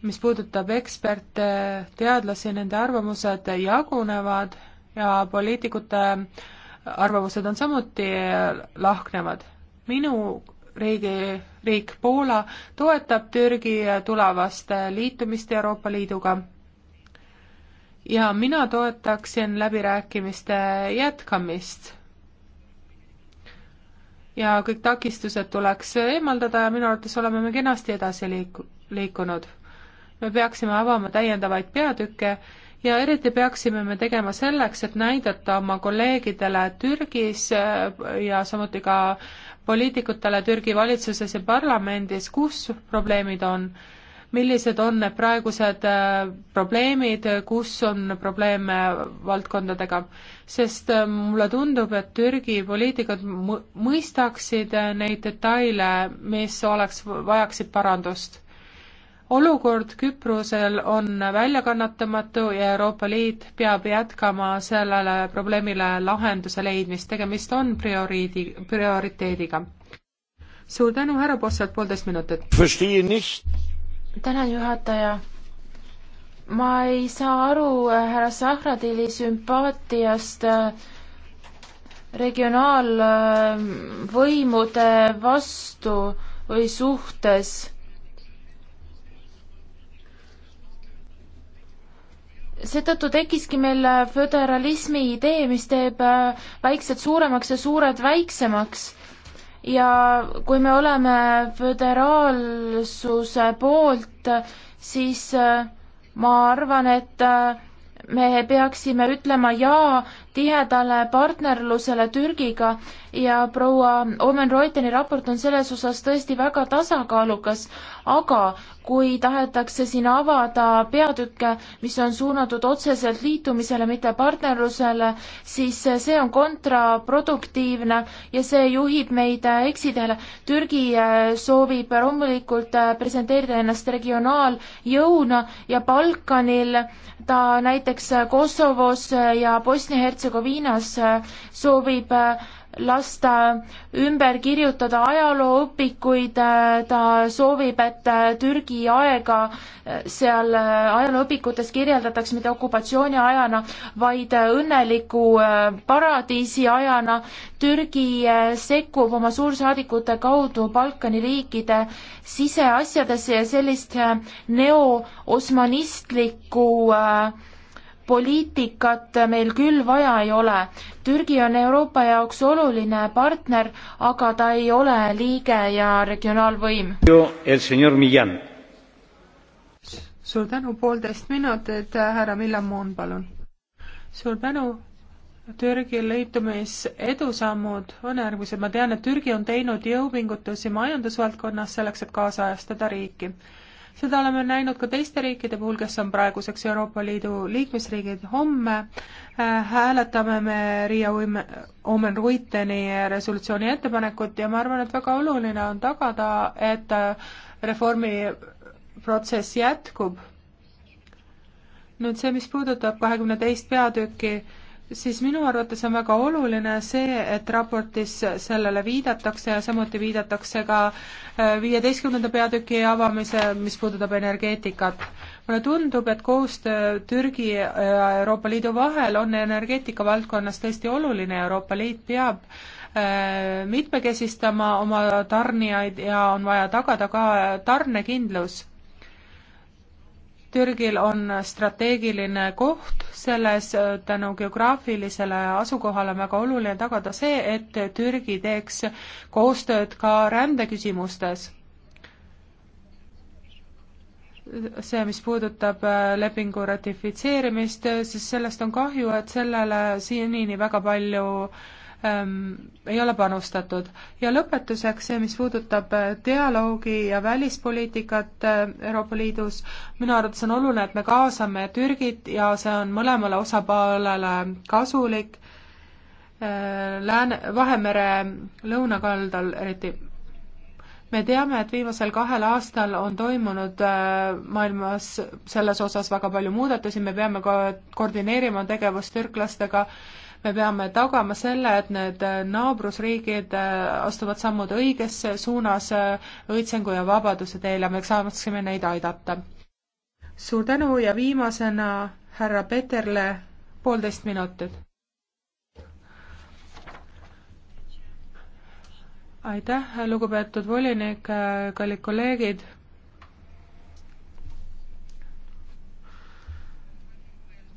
mis puudutab eksperte, teadlasi, nende arvamused jagunevad ja poliitikute arvamused on samuti lahknevad. minu riigi, riik Poola toetab Türgi tulevast liitumist Euroopa Liiduga. ja mina toetaksin läbirääkimiste jätkamist. ja kõik takistused tuleks eemaldada ja minu arvates oleme me kenasti edasi liik-, liikunud me peaksime avama täiendavaid peatükke ja eriti peaksime me tegema selleks, et näidata oma kolleegidele Türgis äh, ja samuti ka poliitikutele Türgi valitsuses ja parlamendis, kus probleemid on, millised on need praegused äh, probleemid, kus on probleeme valdkondadega. sest äh, mulle tundub, et Türgi poliitikud mõistaksid neid detaile, mis oleks, vajaksid parandust olukord Küprosel on väljakannatamatu ja Euroopa Liit peab jätkama sellele probleemile lahenduse leidmist, tegemist on prioriidi, prioriteediga. suur tänu, härra Posselt, poolteist minutit. tänan, juhataja. ma ei saa aru äh, härra Sahradili sümpaatiast äh, regionaalvõimude äh, vastu või suhtes seetõttu tekkiski meil äh, föderalismi idee, mis teeb äh, väiksed suuremaks ja suured väiksemaks. ja kui me oleme föderaalsuse poolt, siis äh, ma arvan, et me peaksime ütlema jaa tihedale partnerlusele Türgiga ja proua Omen Reuteni raport on selles osas tõesti väga tasakaalukas, aga kui tahetakse siin avada peatükke, mis on suunatud otseselt liitumisele, mitte partnerlusele, siis see on kontraproduktiivne ja see juhib meid eksiteele. Türgi äh, soovib loomulikult äh, presenteerida ennast regionaaljõuna ja Balkanil ta näiteks Kosovos ja Bosnia-Hertsegoviinas Hertsegoviinas äh, soovib äh, lasta ümber kirjutada ajalooõpikuid, äh, ta soovib, et Türgi aega seal ajalooõpikutes kirjeldataks mitte okupatsiooni ajana, vaid õnneliku paradiisi ajana. Türgi sekkub oma suursaadikute kaudu Balkani riikide siseasjadesse ja sellist neo-osmanistlikku äh, poliitikat meil küll vaja ei ole. Türgi on Euroopa jaoks oluline partner, aga ta ei ole liige ja regionaalvõim. suur tänu, poolteist minutit, härra Villamoon, palun. suur tänu. Türgi liitumisedusammud on järgmised. ma tean, et Türgi on teinud jõupingutusi majandusvaldkonnas selleks, et kaasajastada riiki seda oleme näinud ka teiste riikide puhul, kes on praeguseks Euroopa Liidu liikmesriigid. homme äh, hääletame me Riia Omen Ruiteni resolutsiooni ettepanekut ja ma arvan, et väga oluline on tagada, et äh, reformiprotsess jätkub. nüüd see, mis puudutab kahekümne teist peatükki siis minu arvates on väga oluline see, et raportis sellele viidatakse ja samuti viidatakse ka äh, viieteistkümnenda peatüki avamise, mis puudutab energeetikat. mulle tundub, et koostöö Türgi ja Euroopa Liidu vahel on energeetika valdkonnas tõesti oluline, Euroopa Liit peab äh, mitmekesistama oma tarnijaid ja on vaja tagada ka tarnekindlus Türgil on strateegiline koht selles tänu geograafilisele asukohale on väga oluline tagada see, et Türgi teeks koostööd ka rändeküsimustes. see, mis puudutab äh, lepingu ratifitseerimist, siis sellest on kahju, et sellele senini väga palju äh, ähm, ei ole panustatud. ja lõpetuseks see, mis puudutab äh, dialoogi ja välispoliitikat äh, Euroopa Liidus, minu arvates on oluline, et me kaasame Türgit ja see on mõlemale osapoolele kasulik äh,, Lääne, Vahemere lõunakaldal eriti. me teame, et viimasel kahel aastal on toimunud äh, maailmas selles osas väga palju muudatusi, me peame ka koordineerima tegevust türklastega äh, me peame tagama selle, et need äh, naabrusriigid äh, astuvad sammud õigesse suunas äh, õitsengu ja vabaduse teele, me saaksime neid aidata. suur tänu ja viimasena härra Peterle poolteist minutit. aitäh, lugupeetud volinik, kallid kolleegid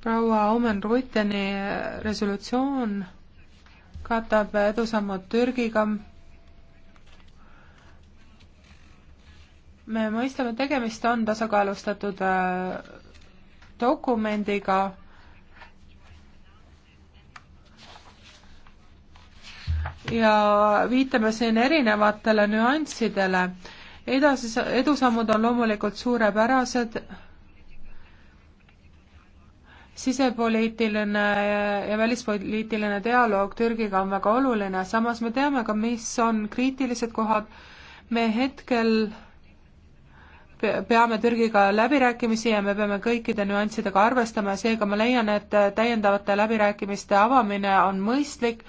proua Omen Ruiteni resolutsioon katab edusammud Türgiga. me mõistame, tegemist on tasakaalustatud äh, dokumendiga ja viitame siin erinevatele nüanssidele. edasi, edusammud on loomulikult suurepärased sisepoliitiline ja välispoliitiline dialoog Türgiga on väga oluline, samas me teame ka, mis on kriitilised kohad. me hetkel peame Türgiga läbirääkimisi ja me peame kõikide nüanssidega arvestama ja seega ma leian, et täiendavate läbirääkimiste avamine on mõistlik,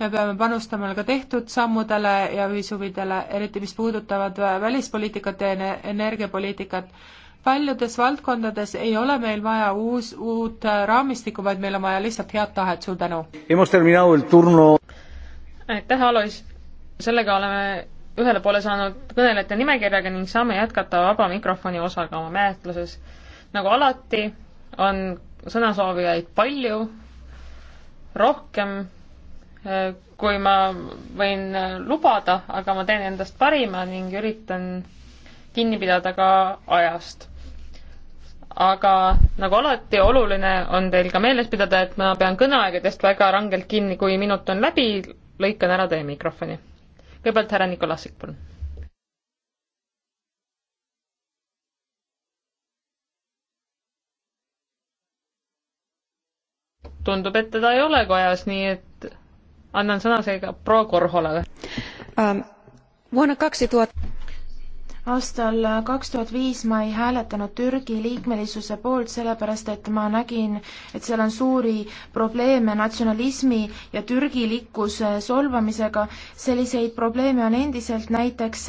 me peame panustama ka tehtud sammudele ja ühishuvidele, eriti mis puudutavad välispoliitikat ja energiapoliitikat paljudes valdkondades ei ole meil vaja uus, uut äh, raamistikku, vaid meil on vaja lihtsalt head tahet, suur tänu! aitäh, Alois! sellega oleme ühele poole saanud kõnelejate nimekirjaga ning saame jätkata vaba mikrofoni osaga oma menetluses. nagu alati, on sõnasoovijaid palju, rohkem äh, kui ma võin äh, lubada, aga ma teen endast parima ning üritan kinni pidada ka ajast aga nagu alati, oluline on teil ka meeles pidada, et ma pean kõneaegadest väga rangelt kinni, kui minut on läbi, lõikan ära teie mikrofoni. kõigepealt härra Nikolassik, palun. tundub, et teda ei ole kojas, nii et annan sõna seega proua Korhole um,. vuonna kaks tuhat 2000 aastal kaks tuhat viis ma ei hääletanud Türgi liikmelisuse poolt, sellepärast et ma nägin, et seal on suuri probleeme natsionalismi ja türgilikkuse solvamisega. selliseid probleeme on endiselt näiteks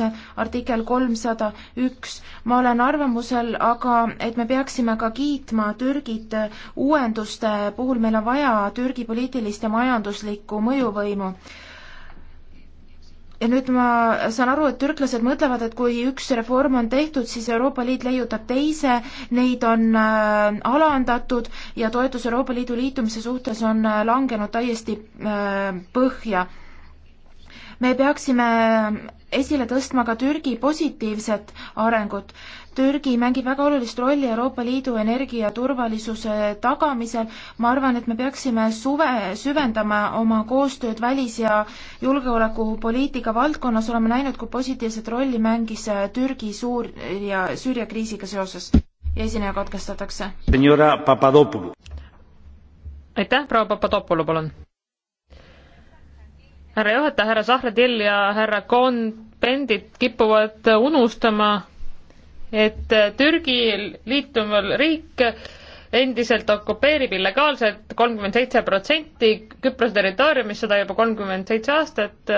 artikkel kolmsada üks. ma olen arvamusel aga, et me peaksime ka kiitma Türgit uuenduste puhul, meil on vaja Türgi poliitilist ja majanduslikku mõjuvõimu ja nüüd ma saan aru, et türklased mõtlevad, et kui üks reform on tehtud, siis Euroopa Liit leiutab teise, neid on äh, alandatud ja toetus Euroopa Liidu liitumise suhtes on äh, langenud täiesti äh, põhja me peaksime esile tõstma ka Türgi positiivset arengut. Türgi mängib väga olulist rolli Euroopa Liidu energiaturvalisuse tagamisel. ma arvan, et me peaksime suve, süvendama oma koostööd välis- ja julgeolekupoliitika valdkonnas, oleme näinud, kui positiivset rolli mängis Türgi suur- ja Süüria kriisiga seoses. ja esineja katkestatakse. aitäh, proua Papadopolu, palun! härra juhataja, härra Zahradil ja härra Kohn-Bendit kipuvad unustama, et Türgi liituval riik endiselt okupeerib illegaalselt kolmkümmend seitse protsenti Küprose territooriumist, seda juba kolmkümmend seitse aastat,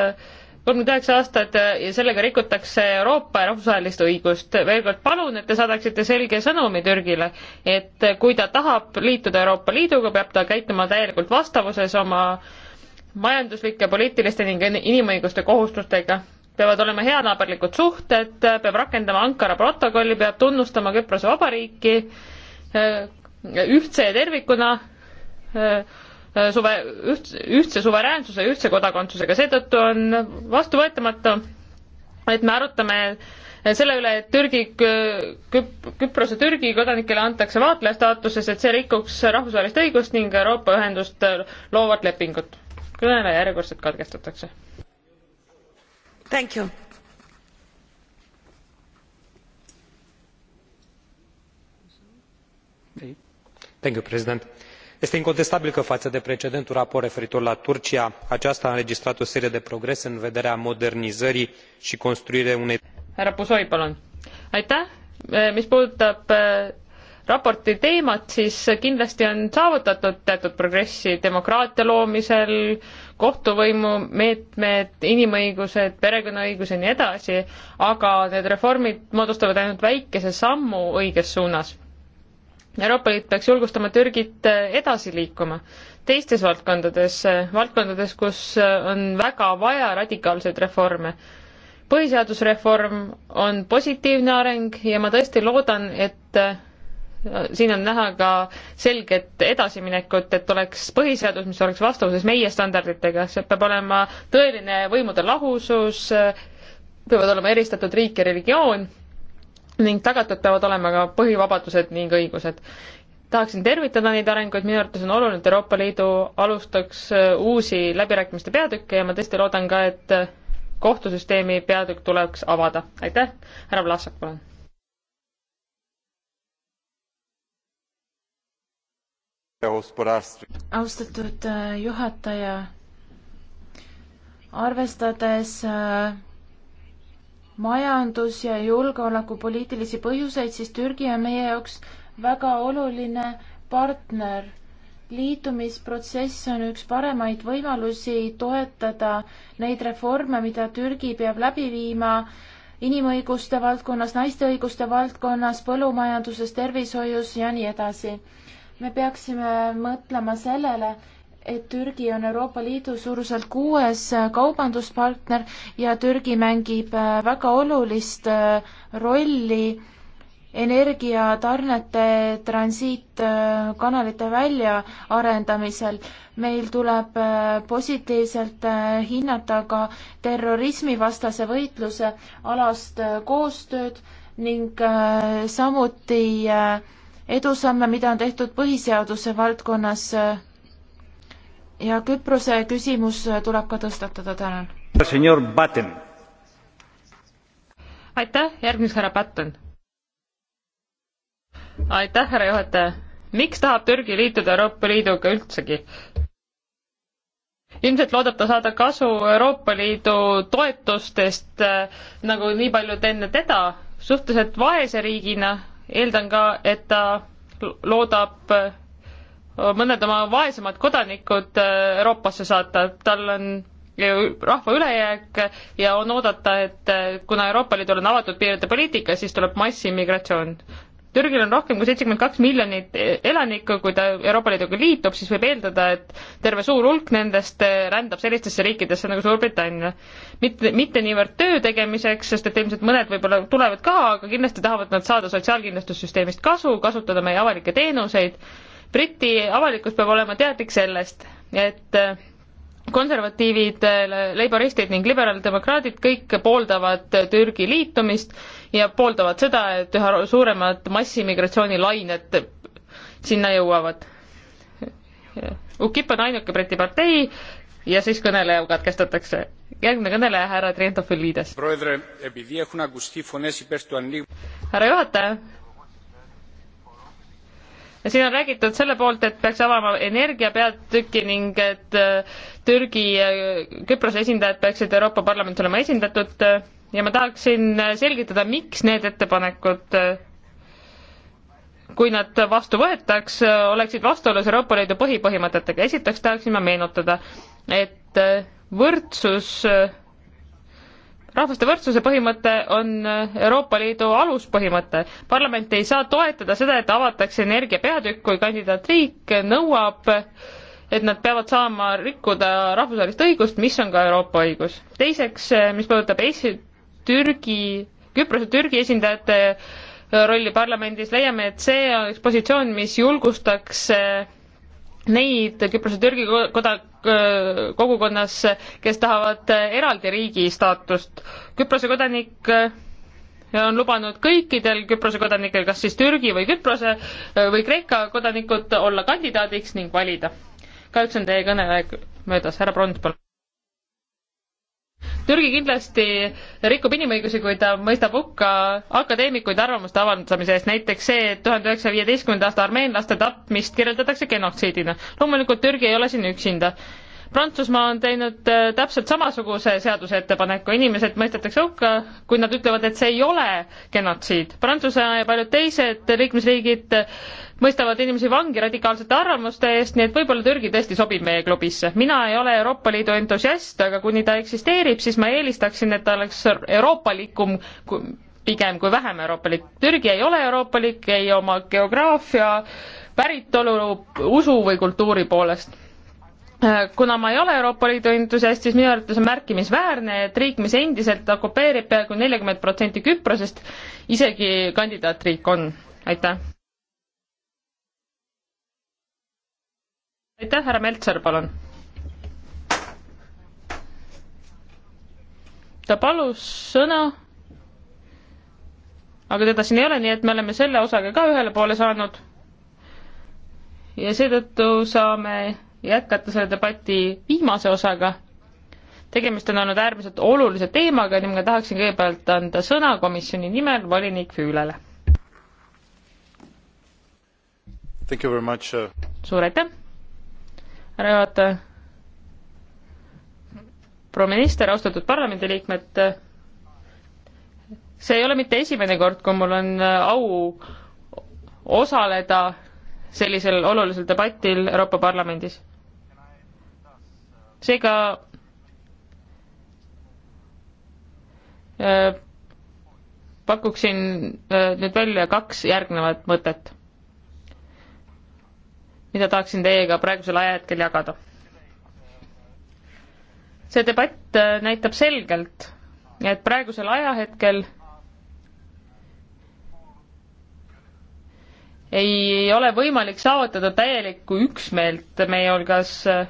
kolmkümmend üheksa aastat ja sellega rikutakse Euroopa ja rahvusvahelist õigust. veel kord palun, et te saadaksite selge sõnumi Türgile, et kui ta tahab liituda Euroopa Liiduga, peab ta käituma täielikult vastavuses oma äh, majanduslike, poliitiliste ning inimõiguste kohustustega. peavad olema heanaaberlikud suhted, peab rakendama Ankara protokolli, peab tunnustama Küprose Vabariiki eh, ühtse ja tervikuna eh, suve, üht, ühtse suveräänsuse, ühtse kodakondsusega, seetõttu on vastuvõetamatu, et me arutame selle üle, et Türgi Küp,, Küprose Türgi kodanikele antakse vaatleja staatuses, et see rikuks rahvusvahelist õigust ning Euroopa ühendust loovat lepingut kõneleja järjekordselt katkestatakse. Thank you. este incontestabil că faă de precedentul raport referitor la turcia aceasta a înregistrat o serie de progrese în vederea modernizării i construirii unei. Eh, mis puudutab eh, raporti teemat, siis kindlasti on saavutatud teatud progressi demokraatia loomisel, kohtuvõimu meetmed, inimõigused, perekonnaõigus ja nii edasi, aga need reformid moodustavad ainult väikese sammu õiges suunas. Euroopa Liit peaks julgustama Türgit edasi liikuma teistes valdkondades, valdkondades, kus on väga vaja radikaalseid reforme põhiseadusreform on positiivne areng ja ma tõesti loodan, et siin on näha ka selget edasiminekut, et oleks põhiseadus, mis oleks vastavuses meie standarditega, see peab olema tõeline võimude lahusus, peavad olema eristatud riik ja religioon ning tagatud peavad olema ka põhivabadused ning õigused. tahaksin tervitada neid arenguid, minu arvates on oluline, et Euroopa Liidu alustaks äh, uusi läbirääkimiste peatükke ja ma tõesti loodan ka, et kohtusüsteemi peatükk tuleks avada. aitäh, härra Vlasak, palun austatud äh, juhataja, arvestades äh, majandus- ja julgeolekupoliitilisi põhjuseid, siis Türgi on meie jaoks väga oluline partner. liitumisprotsess on üks paremaid võimalusi toetada neid reforme, mida Türgi peab läbi viima inimõiguste valdkonnas, naiste õiguste valdkonnas, põllumajanduses, tervishoius ja nii edasi me peaksime mõtlema sellele, et Türgi on Euroopa Liidu suuruselt kuues äh, kaubanduspartner ja Türgi mängib äh, väga olulist äh, rolli energiatarnete transiitkanalite väljaarendamisel. meil tuleb positiivselt hinnata ka terrorismivastase võitluse alast koostööd ning samuti äh, edusamme, mida on tehtud põhiseaduse valdkonnas ja Küprose küsimus tuleb ka tõstatada, tänan. senor Batten. aitäh, järgmiseks härra Batten. aitäh, härra juhataja. miks tahab Türgi liituda Euroopa Liiduga üldsegi? ilmselt loodab ta saada kasu Euroopa Liidu toetustest äh, nagu nii paljud enne teda, suhteliselt vaese riigina eeldan ka, et ta loodab äh, mõned oma vaesemad kodanikud äh, Euroopasse saata, tal on rahva ülejääk ja on oodata, et äh, kuna Euroopa Liidul on avatud piiride poliitika, siis tuleb massiimmigratsioon. Türgil on rohkem kui seitsekümmend kaks miljonit elanikku, kui ta Euroopa Liiduga liitub, siis võib eeldada, et terve suur hulk nendest rändab sellistesse riikidesse nagu Suurbritannia. mitte, mitte niivõrd töö tegemiseks, sest et ilmselt mõned võib-olla tulevad ka, aga kindlasti tahavad nad saada sotsiaalkindlustussüsteemist kasu, kasutada meie avalikke teenuseid. Briti avalikkus peab olema teadlik sellest, et äh, konservatiivid, äh, leiboristid ning liberaaldemokraadid kõik pooldavad Türgi liitumist ja pooldavad seda, et üha suuremad massimigratsioonilained sinna jõuavad. UKIP on ainuke Briti partei ja siis kõneleja katkestatakse. järgmine kõneleja, härra Trientofilides. härra juhataja, ja siin on räägitud selle poolt, et peaks avama energiapeatüki ning et äh, Türgi ja äh, Küprose esindajad peaksid Euroopa Parlamendis olema esindatud ja ma tahaksin äh, selgitada, miks need ettepanekud äh, kui nad vastu võetaks, äh, oleksid vastuolus Euroopa Liidu põhipõhimõtetega. esiteks tahaksin ma meenutada, et võrdsus, rahvaste võrdsuse põhimõte on Euroopa Liidu aluspõhimõte. parlament ei saa toetada seda, et avatakse energia peatükk, kui kandidaatriik nõuab, et nad peavad saama rikkuda rahvusvahelist õigust, mis on ka Euroopa õigus. teiseks, mis puudutab esi-, Türgi, Küprose Türgi esindajate äh, rolli parlamendis, leiame, et see on üks positsioon, mis julgustaks äh, neid Küprose Türgi koda-, äh, kogukonnas, kes tahavad eraldi riigi staatust. Küprose kodanik on lubanud kõikidel Küprose kodanikel, kas siis Türgi või Küprose või Kreeka kodanikud, olla kandidaadiks ning valida. kahjuks on teie kõne möödas, härra Brons, palun. Türgi kindlasti rikub inimõigusi, kui ta mõistab hukka akadeemikuid arvamuste avaldamise eest, näiteks see, et tuhande üheksasaja viieteistkümnenda aasta armeenlaste tapmist kirjeldatakse genotsiidina. loomulikult Türgi ei ole siin üksinda. Prantsusmaa on teinud äh, täpselt samasuguse seaduseettepaneku, inimesed mõistetakse hukka, kui nad ütlevad, et see ei ole genotsiid. Prantsuse ja paljud teised liikmesriigid mõistavad inimesi vangi radikaalsete arvamuste eest, nii et võib-olla Türgi tõesti sobib meie klubisse. mina ei ole Euroopa Liidu entusiast, aga kuni ta eksisteerib, siis ma eelistaksin, et ta oleks euroopalikum pigem kui vähem euroopalik. Türgi ei ole euroopalik ei oma geograafia, päritolu, usu või kultuuri poolest kuna ma ei ole Euroopa Liidu entusiast, siis minu arvates on märkimisväärne, et riik, mis endiselt okupeerib peaaegu neljakümmet protsenti Küprosest, isegi kandidaatriik on. aitäh! aitäh, härra Meltser, palun. ta palus sõna, aga teda siin ei ole, nii et me oleme selle osaga ka ühele poole saanud. ja seetõttu saame jätkata selle debati viimase osaga. tegemist on olnud äärmiselt olulise teemaga ning ma tahaksin kõigepealt anda sõna komisjoni nimel volinik Füülele. Uh, suur aitäh! härra juhataja. proua minister, austatud parlamendiliikmed, see ei ole mitte esimene kord, kui mul on au osaleda sellisel olulisel debatil Euroopa Parlamendis. seega äh, pakuksin äh, nüüd välja kaks järgnevat mõtet mida tahaksin teiega praegusel ajahetkel jagada. see debatt äh, näitab selgelt, et praegusel ajahetkel ei ole võimalik saavutada täielikku üksmeelt meie hulgas äh,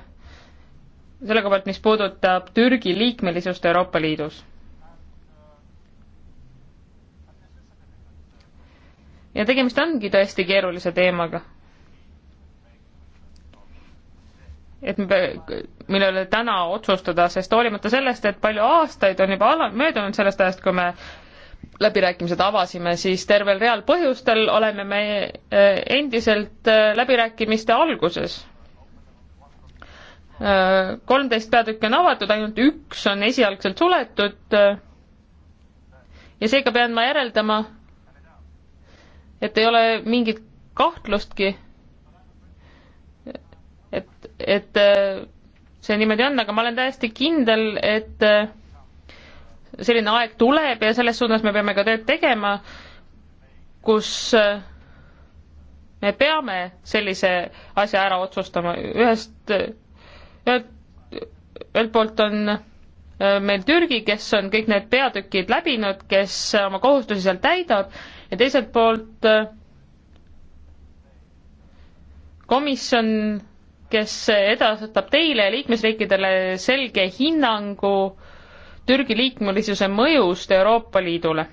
selle koha pealt, mis puudutab Türgi liikmelisust Euroopa Liidus. ja tegemist ongi tõesti keerulise teemaga et me, mille üle täna otsustada, sest hoolimata sellest, et palju aastaid on juba ala-, möödunud sellest ajast, kui me läbirääkimised avasime, siis tervel real põhjustel oleme me eh, endiselt eh, läbirääkimiste alguses. Eh, kolmteist peatükki on avatud, ainult üks on esialgselt suletud. ja seega pean ma järeldama, et ei ole mingit kahtlustki et äh, see niimoodi on, aga ma olen täiesti kindel, et äh, selline aeg tuleb ja selles suunas me peame ka tööd tegema, kus äh, me peame sellise asja ära otsustama, ühest, ühelt, ühelt poolt on meil Türgi, kes on kõik need peatükid läbinud, kes oma kohustusi seal täidab ja teiselt poolt komisjon kes edastab teile ja liikmesriikidele selge hinnangu Türgi liikmelisuse mõjust Euroopa Liidule.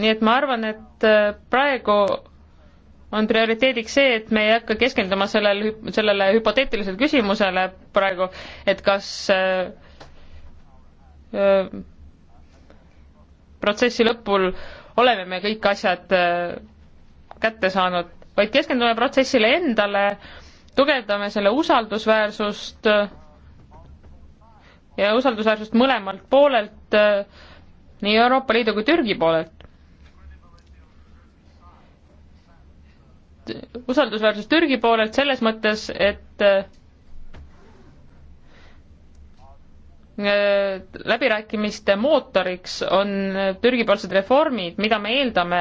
nii et ma arvan, et äh, praegu on prioriteediks see, et me ei hakka keskenduma sellel, sellele hüpoteetilisele küsimusele praegu, et kas äh, äh, protsessi lõpul oleme me kõik asjad äh, kätte saanud vaid keskendume protsessile endale, tugevdame selle usaldusväärsust ja usaldusväärsust mõlemalt poolelt, nii Euroopa Liidu kui Türgi poolelt. usaldusväärsus Türgi poolelt selles mõttes, et läbirääkimiste mootoriks on Türgi-poolsed reformid, mida me eeldame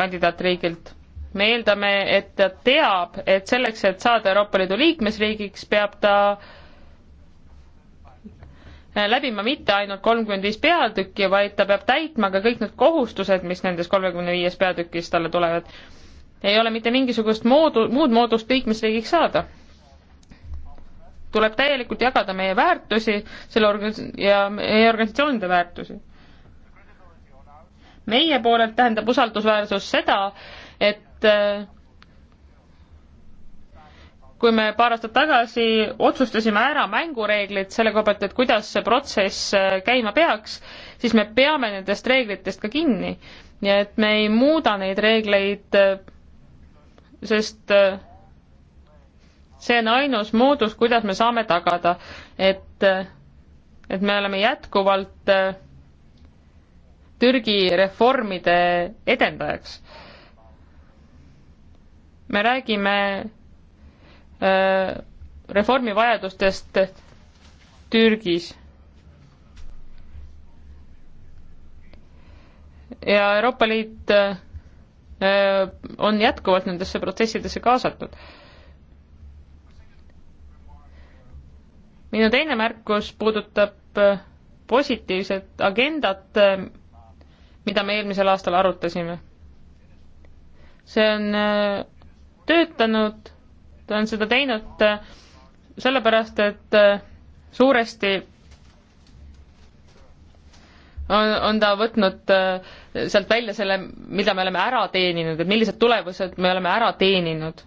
kandidaatriigilt me eeldame, et ta teab, et selleks, et saada Euroopa Liidu liikmesriigiks, peab ta läbima mitte ainult kolmkümmend viis peatükki, vaid ta peab täitma ka kõik need kohustused, mis nendes kolmekümne viies peatükis talle tulevad. ei ole mitte mingisugust moodu, muud moodust liikmesriigiks saada. tuleb täielikult jagada meie väärtusi, selle organ- ja meie organisatsioonide väärtusi. meie poolelt tähendab usaldusväärsus seda, et Äh, kui me paar aastat tagasi otsustasime ära mängureeglid selle koha pealt, et kuidas see protsess äh, käima peaks, siis me peame nendest reeglitest ka kinni. nii et me ei muuda neid reegleid, äh, sest see on ainus moodus, kuidas me saame tagada, et, et me oleme jätkuvalt Türgi reformide edendajaks me räägime äh, reformi vajadustest Türgis. ja Euroopa Liit äh, on jätkuvalt nendesse protsessidesse kaasatud. minu teine märkus puudutab äh, positiivset agendat, mida me eelmisel aastal arutasime. see on töötanud, ta on seda teinud äh, sellepärast, et äh, suuresti on, on ta võtnud äh, sealt välja selle, mida me oleme ära teeninud, et millised tulevused me oleme ära teeninud.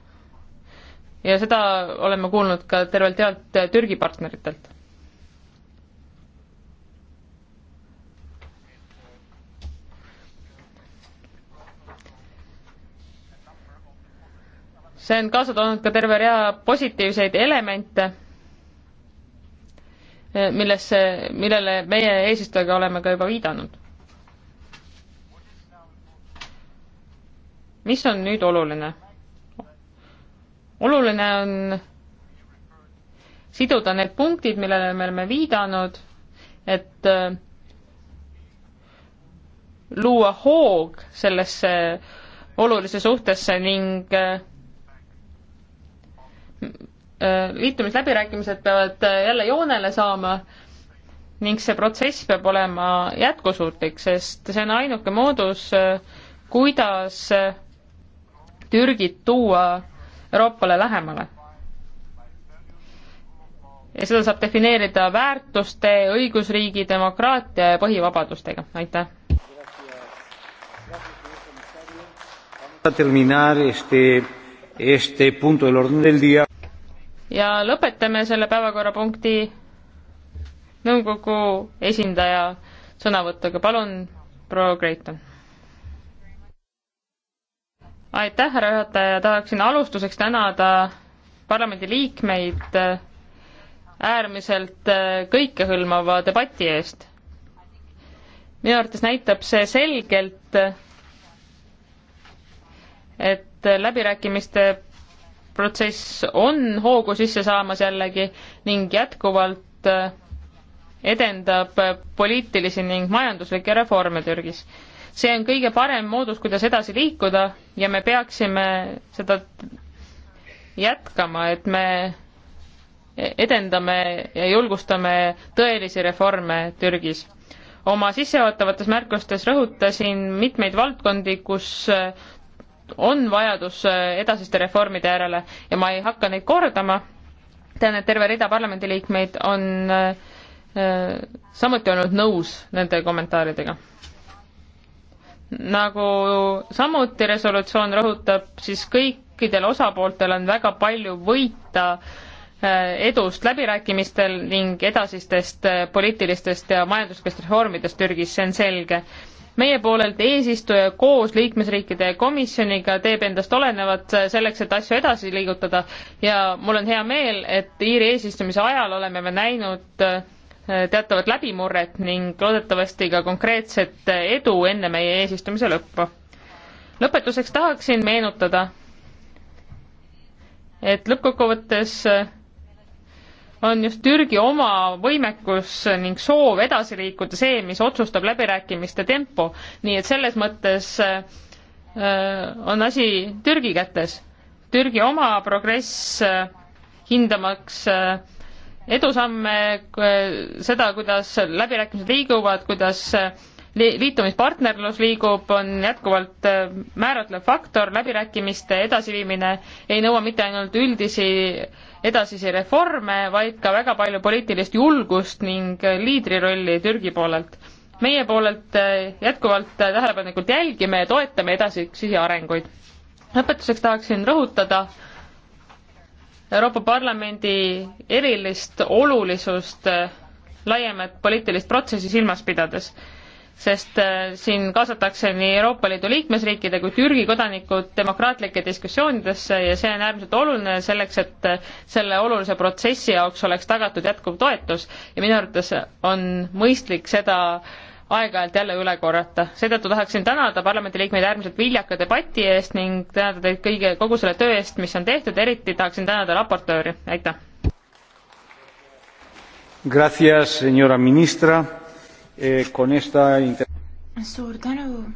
ja seda oleme kuulnud ka tervelt head Türgi partneritelt see on kaasa toonud ka terve rea positiivseid elemente, eh, millesse, millele meie eesistujaga oleme ka juba viidanud. mis on nüüd oluline? oluline on siduda need punktid, millele me oleme viidanud, et eh, luua hoog sellesse olulise suhtesse ning äh, Äh, liitumisläbirääkimised peavad äh, jälle joonele saama ning see protsess peab olema jätkusuutlik, sest see on ainuke moodus, äh, kuidas Türgit tuua Euroopale lähemale. ja seda saab defineerida väärtuste, õigusriigi, demokraatia ja põhivabadustega, aitäh. terminar este este punto del orden del día. ja lõpetame selle päevakorrapunkti nõukogu esindaja sõnavõtuga, palun, proua Kreiton. aitäh, härra juhataja, tahaksin alustuseks tänada parlamendiliikmeid äärmiselt kõikehõlmava debati eest. minu arvates näitab see selgelt, et et läbirääkimiste protsess on hoogu sisse saamas jällegi ning jätkuvalt äh, edendab äh, poliitilisi ning majanduslikke reforme Türgis. see on kõige parem moodus, kuidas edasi liikuda ja me peaksime seda jätkama, et me edendame ja julgustame tõelisi reforme Türgis. oma sissejuhatavates märkustes rõhutasin mitmeid valdkondi, kus äh, on vajadus äh, edasiste reformide järele ja ma ei hakka neid kordama, tean, et terve rida parlamendiliikmeid on äh, äh, samuti olnud nõus nende kommentaaridega. nagu samuti resolutsioon rõhutab, siis kõikidel osapooltel on väga palju võita edust läbirääkimistel ning edasistest poliitilistest ja majanduslikest reformidest Türgis, see on selge meie poolelt eesistuja koos liikmesriikide komisjoniga teeb endast olenevat selleks, et asju edasi liigutada ja mul on hea meel, et Iiri eesistumise ajal oleme me näinud äh, teatavat läbimurret ning loodetavasti ka konkreetset äh, edu enne meie eesistumise lõppu. lõpetuseks tahaksin meenutada, et lõppkokkuvõttes äh, on just Türgi oma võimekus ning soov edasi liikuda see, mis otsustab läbirääkimiste tempo. nii et selles mõttes äh, on asi Türgi kätes. Türgi oma progress äh, hindamaks äh, edusamme, äh, seda, kuidas läbirääkimised liiguvad, kuidas äh, liitumispartnerlus liigub, on jätkuvalt äh, määratlev faktor, läbirääkimiste edasiviimine ei nõua mitte ainult üldisi edasisi reforme, vaid ka väga palju poliitilist julgust ning liidrirolli Türgi poolelt. meie poolelt eh, jätkuvalt eh, tähelepanelikult jälgime ja toetame edasisi arenguid. lõpetuseks tahaksin rõhutada Euroopa Parlamendi erilist olulisust eh, laiemat poliitilist protsessi silmas pidades sest äh, siin kaasatakse nii Euroopa Liidu liikmesriikide kui Türgi kodanikud demokraatlike diskussioonidesse ja see on äärmiselt oluline selleks, et äh, selle olulise protsessi jaoks oleks tagatud jätkuv toetus ja minu arvates on mõistlik seda aeg-ajalt jälle üle korrata. seetõttu tahaksin tänada parlamendiliikmeid äärmiselt viljaka debati eest ning tänada teid kõige, kogu selle töö eest, mis on tehtud, eriti tahaksin tänada raportööri, aitäh! Gracias, señora ministra Eh, suur tänu,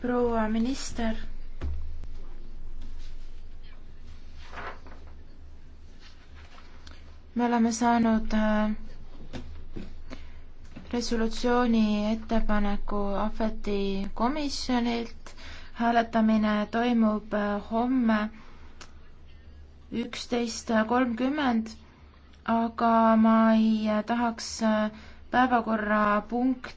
proua minister. me oleme saanud äh, resolutsiooni ettepaneku Ahveti komisjonilt. hääletamine toimub äh, homme üksteist kolmkümmend, aga ma ei äh, tahaks päevakorrapunkti